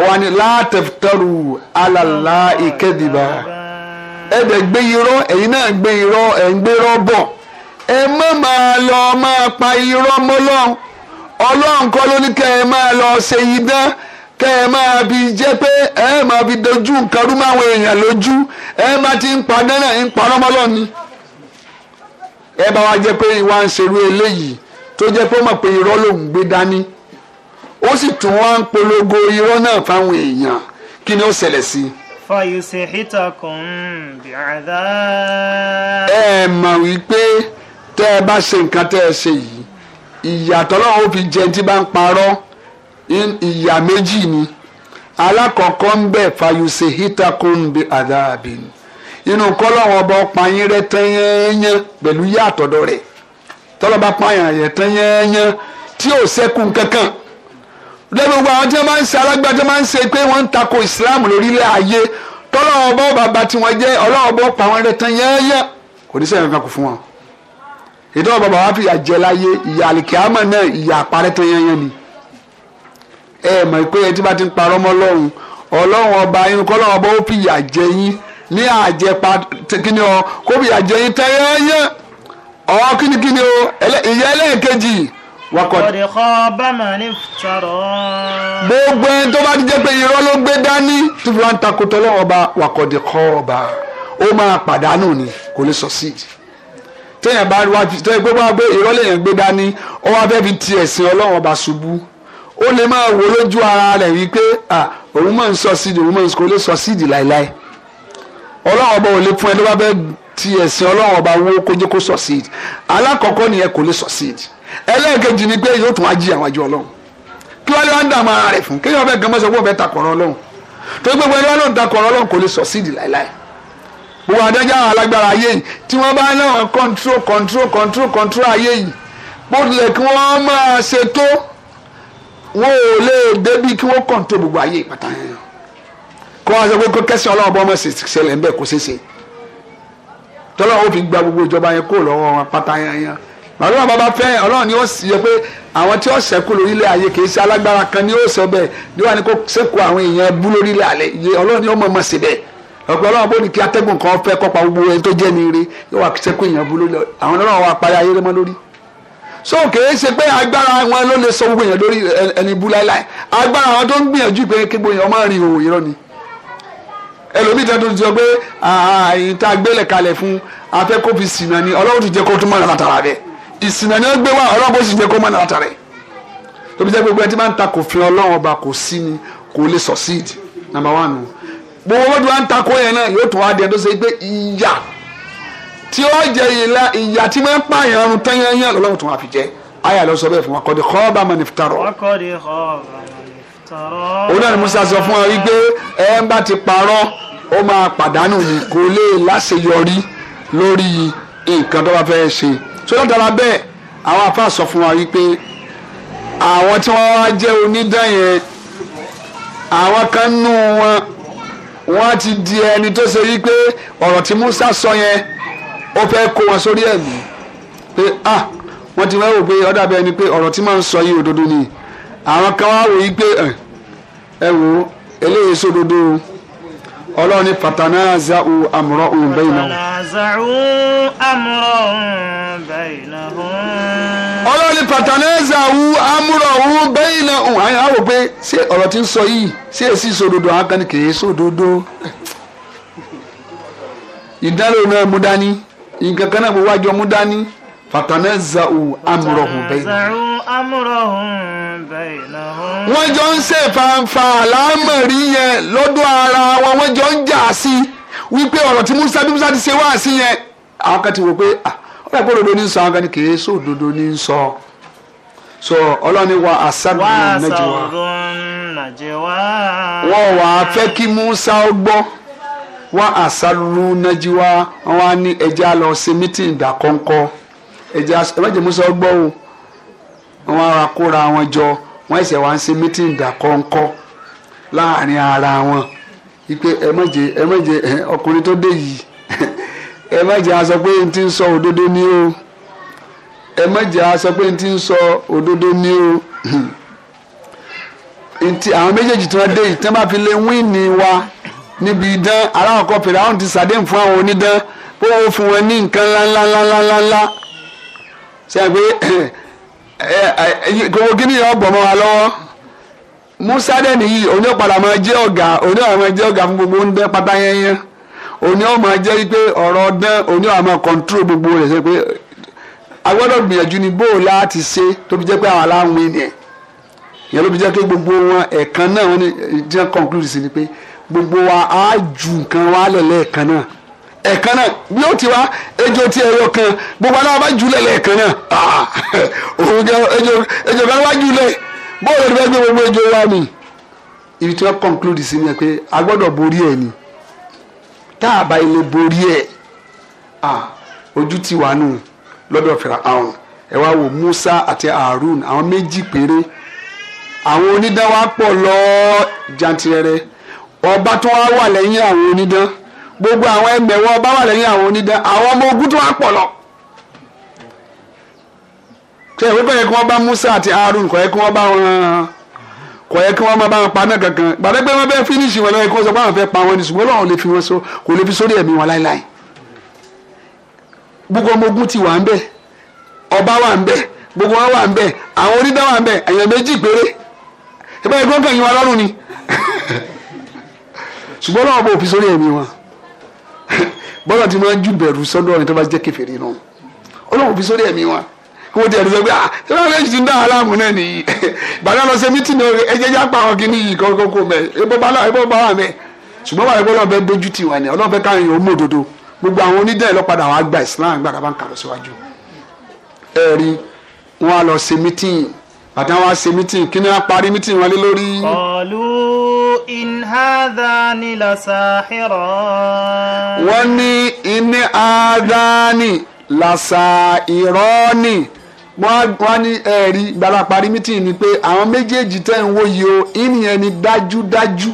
wọ́n á ní láàtàfítọ́rù àlàlá ìkàdébà. ẹ̀dẹ̀ gbé irọ́ ẹ̀yin náà gbé irọ́ ẹ̀ ń gbé irọ́ bọ̀ ẹ má máa lọ máa pa irọ́ mọ́lọ́run ọlọ́run kọ́ ló ní kẹ́ ẹ máa lọ ṣe idán kẹ́ ẹ máa bi jẹ́ pé ẹ máa bi dojú nǹkan rú máwọn èèyàn lójú ẹ máa ti ń padà náà ń parọ́ mọ́lọ́ ni. ẹ bá wa jẹ́ pé ìwà ń ṣerú eléyìí tó jẹ́ pé ó mọ̀ pé irọ́ lòún gbé dání ó sì tún wá ń polongo irọ́ náà fáwọn èèyàn kí ni ó ṣẹlẹ̀ sí i fayusihitakum bi'adhab. ẹ mọ̀ wípé tẹ́ ẹ bá ṣe nǹkan tẹ́ ẹ ṣe yìí ìyàtọ̀ náà ó fi jẹ tí bá ń parọ́ ìyà méjì ni alákọ̀ọ́kọ́ ń bẹ̀ fayose hitakun bi adabin inú kọ́lọ́wọ́ ọba ọ̀páyín rẹ tẹ́yẹ́yẹ́ pẹ̀lú yá àtọ̀dọ̀ rẹ̀ tọ́lọ́ba pààyàn rẹ̀ tẹ́yẹ́yẹ́ tí ò sẹ́kù kankan lẹ́nu gbogbo àwọn tí wọ́n máa ń ṣe alágbájá máa ń ṣe pé wọ́n ń takò ìsìláàmù lórílẹ̀ ayé tọ́lọ́wọ́ ọba ọba tí wọ́n jẹ́ ọlọ́wọ́ ọba ọ̀pá wọn rẹ tẹ́yẹ́yẹ́ kò ní sẹ́yìn kankan fún wọn ìtọ́ bàbá wa fìyà jẹ láyé ìyà àlìkíámọ̀ náà ìyà àparẹ́ tó yányán ni ẹ mọ̀ pé ẹ tí bá ti ń parọ́ mọ́ ọlọ́run ọlọ́run ọba inú kọ́ ọlọ́run ọba ó fìyà jẹ yín ní àjẹpa kíni ọ kó fìyà jẹ yín tẹ́ yányán ọ kíni kíni o ìyá ẹlẹ́ẹ̀kejì wakọ̀dì. gbogbo ẹni tó bá ti jẹ́ pé irọ́ ló gbé dání tí wọ́n ń takò tọ́lọ́wọ́ ọba wakọ̀dì kọ́ ọba ó máa pàdánù ni kò lè sọ síi téèyàn bá wá fi tẹ́ gbogbo àgbẹ̀ ìrọ́lẹ̀ yẹn gbé dání ó wá fẹ́ fi ti ẹ̀sìn ọlọ́run ọba ṣubú ó lè máa wò lójú ara rẹ̀ wípé òun máa ń sọ síìdì òun máa ń sọ lè sọ síìdì láéláé ọlọ́run ọba ò lè fún ẹ ló bá fẹ́ ti ẹ̀sìn ọlọ́run ọba wó kójú kó sọ síìdì alákọ̀ọ́kọ́ nìyẹn kò lè sọ síìdì ẹlẹ́ẹ̀kejì ni pé yóò tún wá jí àwọn àjọ ọlọ́run kí wọ́n lè wá ń dààmú ara rẹ̀ fún kéèyàn fẹ́ gan mọ́sọ̀ pé òun gbogbo adájọ́ àwọn alágbára ayé yìí tí wọ́n bá náà control control control control ayé yìí bó tilẹ̀ kí wọ́n máa ṣe tó wọn ò lè débi kí wọ́n control gbogbo ayé pátá yẹn kó wá sọ pé kó kẹsàn-án ọlọ́run bọ́ ọmọ ṣẹlẹ̀ ńbẹ kó ṣeéṣe tọ́lá ó fi gba gbogbo ìjọba yẹn kó lọ́wọ́ wọn pátá yẹn yẹn ọlọ́run bàbá fẹ́ ọlọ́run ni ó sì yẹ pé àwọn tí ó ṣẹ́kù lórí ilẹ̀ ayé kìí ṣe alágbára kan ni ó sọ bẹ́ẹ̀ ni kó ṣẹ́kù àwọn èèyàn bú lórí ilẹ̀ ọlọ́run ni ó mọ̀ mọ̀ sí bẹ́ẹ̀ ọgbẹ Ọlọ́run bó ní kí atẹ́gùn kan fẹ́ kọpa gbogbo ẹni tó jẹ ní ire yóò wá sẹkùn èèyàn bú lórí àwọn Ọlọ́run wa parí ayé rẹ mọ lórí so kìí ṣe pé agbára wọn ló lè sọ gbogbo èèyàn lórí ẹni bú láéláé agbára wọn tó ń gbìyànjú pé kí gbogbo èèyàn máa rìn òwò irọ́ ni ẹlòmíì tó ti sọ pé àyìn tá a gbélé kalẹ̀ fún afẹ́ kó fi sìnà ni Ọlọ́run ti jẹ́ kó tún mọ̀ látara rẹ̀ ìsìnà succeed number one gbogbo wọn tí wọn ń takò yẹn náà yóò tún wá di ẹ tó ṣe pé ìyà tí ó jẹ ìlà ìyà tí wọn ń pààyàn ọrùn tán yẹn yẹn lọ́lọ́run tún wá fi jẹ àyà lọ sọ bẹ́ẹ̀ fún wa kọ́dí kọ́ọ́bà mọ̀ nìfitarọ̀. òun náà ni Musa sọ fún ọ wípé ẹ ń bá ti parọ́ ó máa pàdánù ni kò lè láṣeyọrí lórí nǹkan tó bá fẹ́ ṣe tó látara bẹ́ẹ̀ àwọn afa sọ fún wa wípé àwọn tí wọ́n wá jẹ́ onídàn yẹn àwọn kan nù wọn wọ́n á ti di ẹni tó ṣe yí pé ọ̀rọ̀ tí Musa sọ yẹn ó fẹ́ kó wọn sórí ẹ̀mí pé ah wọ́n ti wáwò pé ọ̀dà bẹ́ẹ̀ ni pé ọ̀rọ̀ tí máa ń sọ yìí òdodo ni àwọn kan wá wò yí pé eh, ẹ wò eléyìí sódodo o ọlọ́run ní fatanaza'u amra'un bainahum. fatanaza'u amra'un bainahum. ọlọ́run ní fatanaza'u amra'un bainahum. àyìn á wò pé ṣé ọ̀rọ̀ tí ń sọ yìí ṣé èsì sòdodo àwọn kan ní kì sòdodo. ìdánilò náà mú dání nǹkan kan náà mo wájọ mú dání fatanazahu amurahun bẹyìnà. wọ́n jọ ń ṣe fanfa àlámọ̀rí yẹn lọ́dọ̀ ara wọn wọ́n jọ ń jà sí i wípé ọ̀rọ̀ tí musa bí musa ti ṣe wá sí yẹn àwọn kan ti wò pé ọ̀rọ̀ ah, ẹ̀kọ́ òdodo ní sọ àwọn kan ní kìí sọ òdodo ní sọ so ọlọ́ni wa asarun najwa wọ́n wà á fẹ́ kí musa gbọ́ wọ́n asarun najwa wọ́n á ní ẹja lọ sí mítìǹdà kọ́ńkọ́ ẹ̀jẹ̀ ẹ̀mẹ́jẹ̀ musa gbọ́ o wọ́n á kóra wọn jọ wọ́n ẹ̀sẹ̀ wá ń ṣe mítìǹ dà láàrin ara wọn ipe ẹ̀mẹ́jẹ̀ ẹ̀mẹ́jẹ̀ ọkùnrin tó dé yìí ẹ̀mẹ́jẹ̀ á sọ pé n ti ń sọ òdodo ní o ẹ̀mẹ́jẹ̀ á sọ pé n ti ń sọ òdodo ní o nti àwọn méjèèjì tí wọ́n dé yìí tí wọ́n bá fi lé wíìnì wa níbi idán aláwọ̀ kọ́ fèrè àwọn ti sàdéhùn fún àwọn onídán bó wọ́n fún wọn ní nǹkan ńláńláńláńláńlá ṣe é pé gbogbo bọ̀ Musa dẹ́ni yìí òní ọ̀padà jẹ́ ọ̀gá òní ọ̀padà máa jẹ́ gbogbo ń dẹ́ ya ya òní ma máa jẹ́ ọ̀rọ̀ dán gbogbo pé a gbìyànjú ni bó láti ṣe tó fi jẹ́ pé àwọn aláwọ̀ ló fi pé gbogbo wọn ẹ̀kan náà wọ́n ní jẹ́ sí gbogbo wa á ju wa ẹ̀kan náà bí ó ti wá ejò tí ẹ̀yọ kan gbogbo aláwọ̀ bá jùlẹ̀ lẹ́ẹ̀kan náà ah, òun jẹ́ ejò ejò kan wá jùlẹ̀ gbogbo ejò wá ni ibi tí wọ́n conclude sí ni pé a gbọ́dọ̀ borí ẹ̀ a bá ilé borí ẹ̀ ah, ojú ti wà nù lọ́dọ̀ àwọn ẹ wá wò Musa àti àwọn méjì péré àwọn pọ̀ jantirẹrẹ ọba tó wá wà gbogbo àwọn ẹgbẹ̀wọ́ ọba wà lẹ́yìn àwọn onídán àwọn ọmọ ogun tó wà pọ̀ lọ. ṣé ìwé wọ́n bá Musa àti Harun kọ̀ yẹ kí wọ́n bá wọn kọ̀ yẹ kí wọ́n bá wọn pa náà kankan fínísì wọn kí wọ́n sọ pé àwọn fẹ́ pa wọn ní ṣùgbọ́n lè fi wọn so kò lè fi sórí ẹ̀mí wọn láíláí. gbogbo ọmọ ogun wà ń ọba wà ń gbogbo wọn wà ń àwọn wà ń bọ́lá ti máa ń jù bẹ̀rù sọ́dọ̀ ni tó bá jẹ́ kèfèrí náà ọlọ́run fi sórí ẹ̀mí wa wọ́n ti ẹ̀rù sọ pé ah ṣé wọ́n lẹ́yìn tí ń dá aláàmú náà nìyí bàdá lọ ṣe mítìnì ẹjẹ́ yá pa àwọn kìíní yìí kọ́kọ́ kó mẹ́ ebó bá wà mẹ́ ṣùgbọ́n wà lọ́wọ́ bẹ́ẹ̀ dojú ti wà ní ọlọ́run fẹ́ káyọ̀ ó mọ̀ òdodo gbogbo àwọn onídẹ̀ẹ́ lọ́padà wàá gba Islam gbàdá bá ń kà lọ síwájú. ẹ̀rí wọn إن هذان لساحران وني إن هذان لساحران wọ́n wá ní ẹ̀rí gbala parí mítì ni pé àwọn méjèèjì tẹ̀ ń wò yìí o ìnìyẹn ni dájúdájú.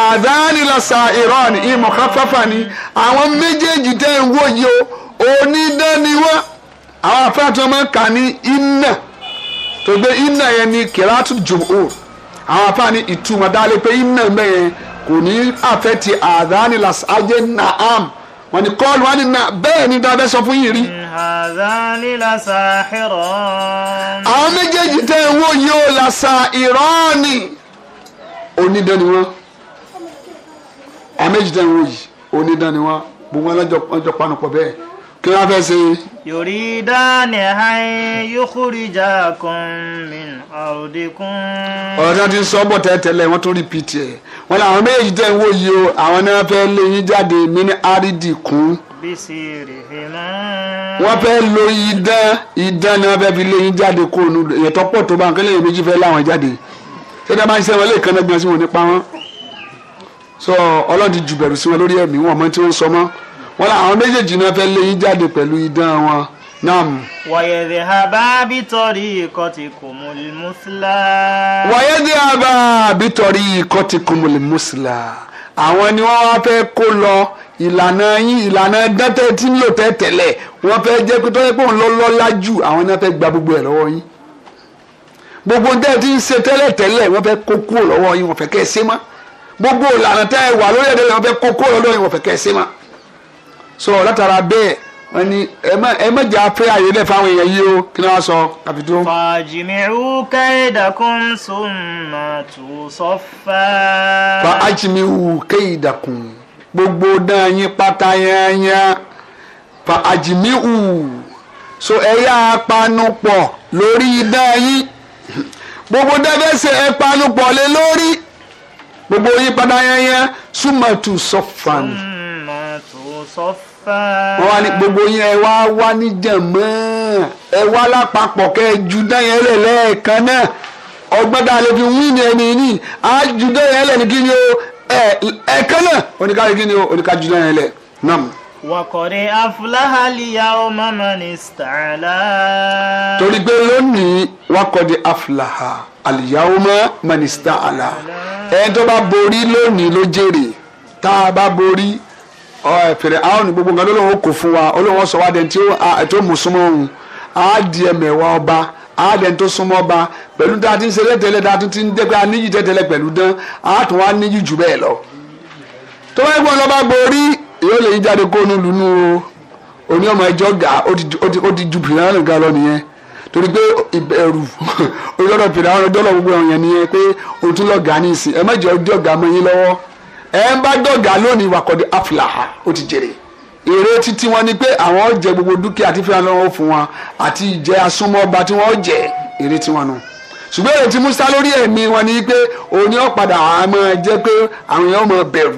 àdáni lọ́sà ìrọ́ọ̀nì ìmọ̀ káfáfá ni àwọn méjèèjì tẹ̀ ń wò yìí o onídàániwá àwọn afẹ́tọ́ máa ń kà ní iná tó gbé iná yẹn ni kìlátù jùmùú àwọn afáà ní ìtumọ̀ dáálé pé iná mẹ́yẹn kò ní àfẹ́tì àdáni làṣájẹ́ naam wọ́n ní kọ́ọ̀lù wọn ní na bẹ́ẹ̀ ni dábẹ́ sọ fún yìí rí. àdáni lasahirani. àwọn méjèèjì tẹ́ ẹ wò yìí ó lasahirani ni wọ́n àwọn méjèèjì tẹ́ ẹ yìí onídán ni wọ́n gbogbo wọn panupọ̀ bẹ́ẹ̀ kí wọ́n fẹ́ ṣe. yorùdá ni àyìn yókùrìjà kan min ọ̀rọ̀dẹ́kùn. ọ̀rọ̀ tí wọ́n ti sọ bọ̀ tẹ́tẹ́lẹ̀ wọ́n tún rìpìtì ẹ̀ wọ́n làwọn méjì tẹ̀ ń wò yìí o àwọn náà fẹ́ lé yín jáde mí ní árídì kún. bísí rè é mọ́. wọ́n fẹ́ lo idán idán ni wọ́n fẹ́ fi lé yín jáde kó nu ìyẹ̀tọ́ pọ̀ tó bá wọn kẹ́lẹ́ yẹn méjì fẹ́ láwọn jáde ṣé dáa máa ń ṣe wọn lè kán náà gbọ́n sí wọn wọn làwọn méjèèjì náà fẹ́ lé yín jáde pẹ̀lú idán wọn nam. wọ̀yẹ̀dẹ̀ àbá bítọ̀rí ikọ̀ ti kùmùlì mùsùlá. wọ̀yẹ̀dẹ̀ àbá bítọ̀rí ikọ̀ ti kùmùlì mùsùlá. àwọn ni wọ́n wá fẹ́ kó lọ ìlànà yín ìlànà dẹ́tẹ́ tí ń lò tẹ́tẹ̀lẹ̀ wọ́n fẹ́ jẹ́ pé tọ́jú pé òun lọ lọ́lá jù àwọn náà fẹ́ gba gbogbo ẹ̀ lọ́wọ́ yín. gbogbo ń tẹ́ ń ṣe tẹ́lẹ̀tẹ́lẹ̀ wọ́n wọ́n fẹ́ kó kúrò lọ́wọ́ yín wọ́n fẹ́ kẹ́ ẹ so látara bẹ́ẹ̀ wọ́n ní ẹ má jẹ́ afẹ́ àyè lẹ̀ fáwọn èèyàn yìí o kí ni wọ́n sọ àfi tó. fàájìmíhù kẹ́hìndàkùn summa tusaffa. fàájìmíhù kẹ́hìndàkùn gbogbo náà yín pátá yányá fàájìmíhù so ẹ yá apanupọ̀ lórí náà yín gbogbo dẹ́fẹ́sẹ̀ ẹ panupọ̀ lé lórí gbogbo yín pátá yányá summa tusaffa. Mm. صفا wọ́n wá ní gbogbo yín ẹ wá wá ní jẹ̀mọ́ ẹ wá lápapọ̀ kẹ́ ẹ ju dán yẹn lẹ̀ lẹ́ẹ̀kan náà ọgbọ́n tá fi wí ni ẹni ní á ju dán yẹn lẹ̀ ní kí ni o ẹ̀ẹ̀kan náà oníkàlẹ́ kí ni o oníkàlẹ́ ju dán yẹn lẹ̀ náà. wàkọ̀dé afúláhàlìyà ọmọ mọ̀nì sàlá. torí pé lónìí wàkọ̀dé afúláhà àlìyà ọmọ mọ̀nì sàlá ẹni tó bá borí lónìí ló jèrè tá a bá borí fèrè àwọn gbogbo nǹkan lọ́lọ́wọ́ kò fún wa Ọlọ́hun sọ wá dẹni tí ó mú súnmọ́ òun ọba á tó súnmọ́ ọba pẹ̀lú tá a ti ń ṣeré tẹ́lẹ̀ tá a ti ń dẹ́gbẹ́ aníyì tẹ́tẹ́lẹ̀ pẹ̀lú dán á tún wá níyì jù bẹ́ẹ̀ lọ. tó bá gbọ́n lọ́ba gborí yóò lè yí jáde kó nu lùnú o òní ọmọ ẹjọ́ gà ó ti ju pìrìhánù ga lọ nìyẹn torí pé ìbẹ̀rù olùdọ́dọ̀ pìrìhánù dọ́lọ̀ gbogbo ọ̀yàn nìyẹn pé òtún lọ́gàá ní ìsìn ẹ má ọjọ́ gà mọ́ yín lọ́wọ́ ẹ ń bá dọ̀gà lónìí wàkọ̀dé aflaha ó ti jèrè èrè títí wọn ni pé àwọn jẹ gbogbo dúkìá tí fúnra lọ́wọ́ fún wọn àti ìjẹ asúnmọ́ba tí wọ́n jẹ èrè tí wọn nù ṣùgbọ́n èrè tí musa lórí ẹ̀mí wọn ni pé òní ọ̀padà àmọ́ jẹ́ pé àwọn èèyàn mọ̀ bẹ̀rù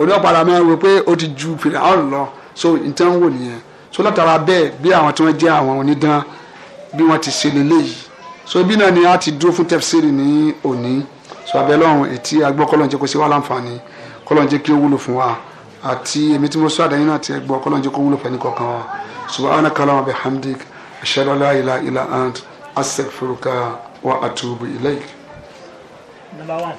òní ọ̀padà máa rò pé ó ti ju fìlà ọ̀rùn lọ so nǹkan wò nìyẹn so látara bẹ́ẹ̀ bí àwọn tí wọ́n jẹ́ àwọn onídán bí wọ́n ti ṣe lélẹ́yìí so bí náà ni a ti dúró fún tẹ̀síìrì ní òní so abẹ́ lọ́run kọ́lọ́n jẹ́ kí ó wúlò fún wa àti èmi tí mo sọ àdáyé náà ti ẹ gbọ́ kọ́lọ́n jẹ́ kó wúlò fún ẹnì kọ̀ọ̀kan wa subhanaka wa bihamdik ashhadu an la ilaha illa ant wa atubu ilayk.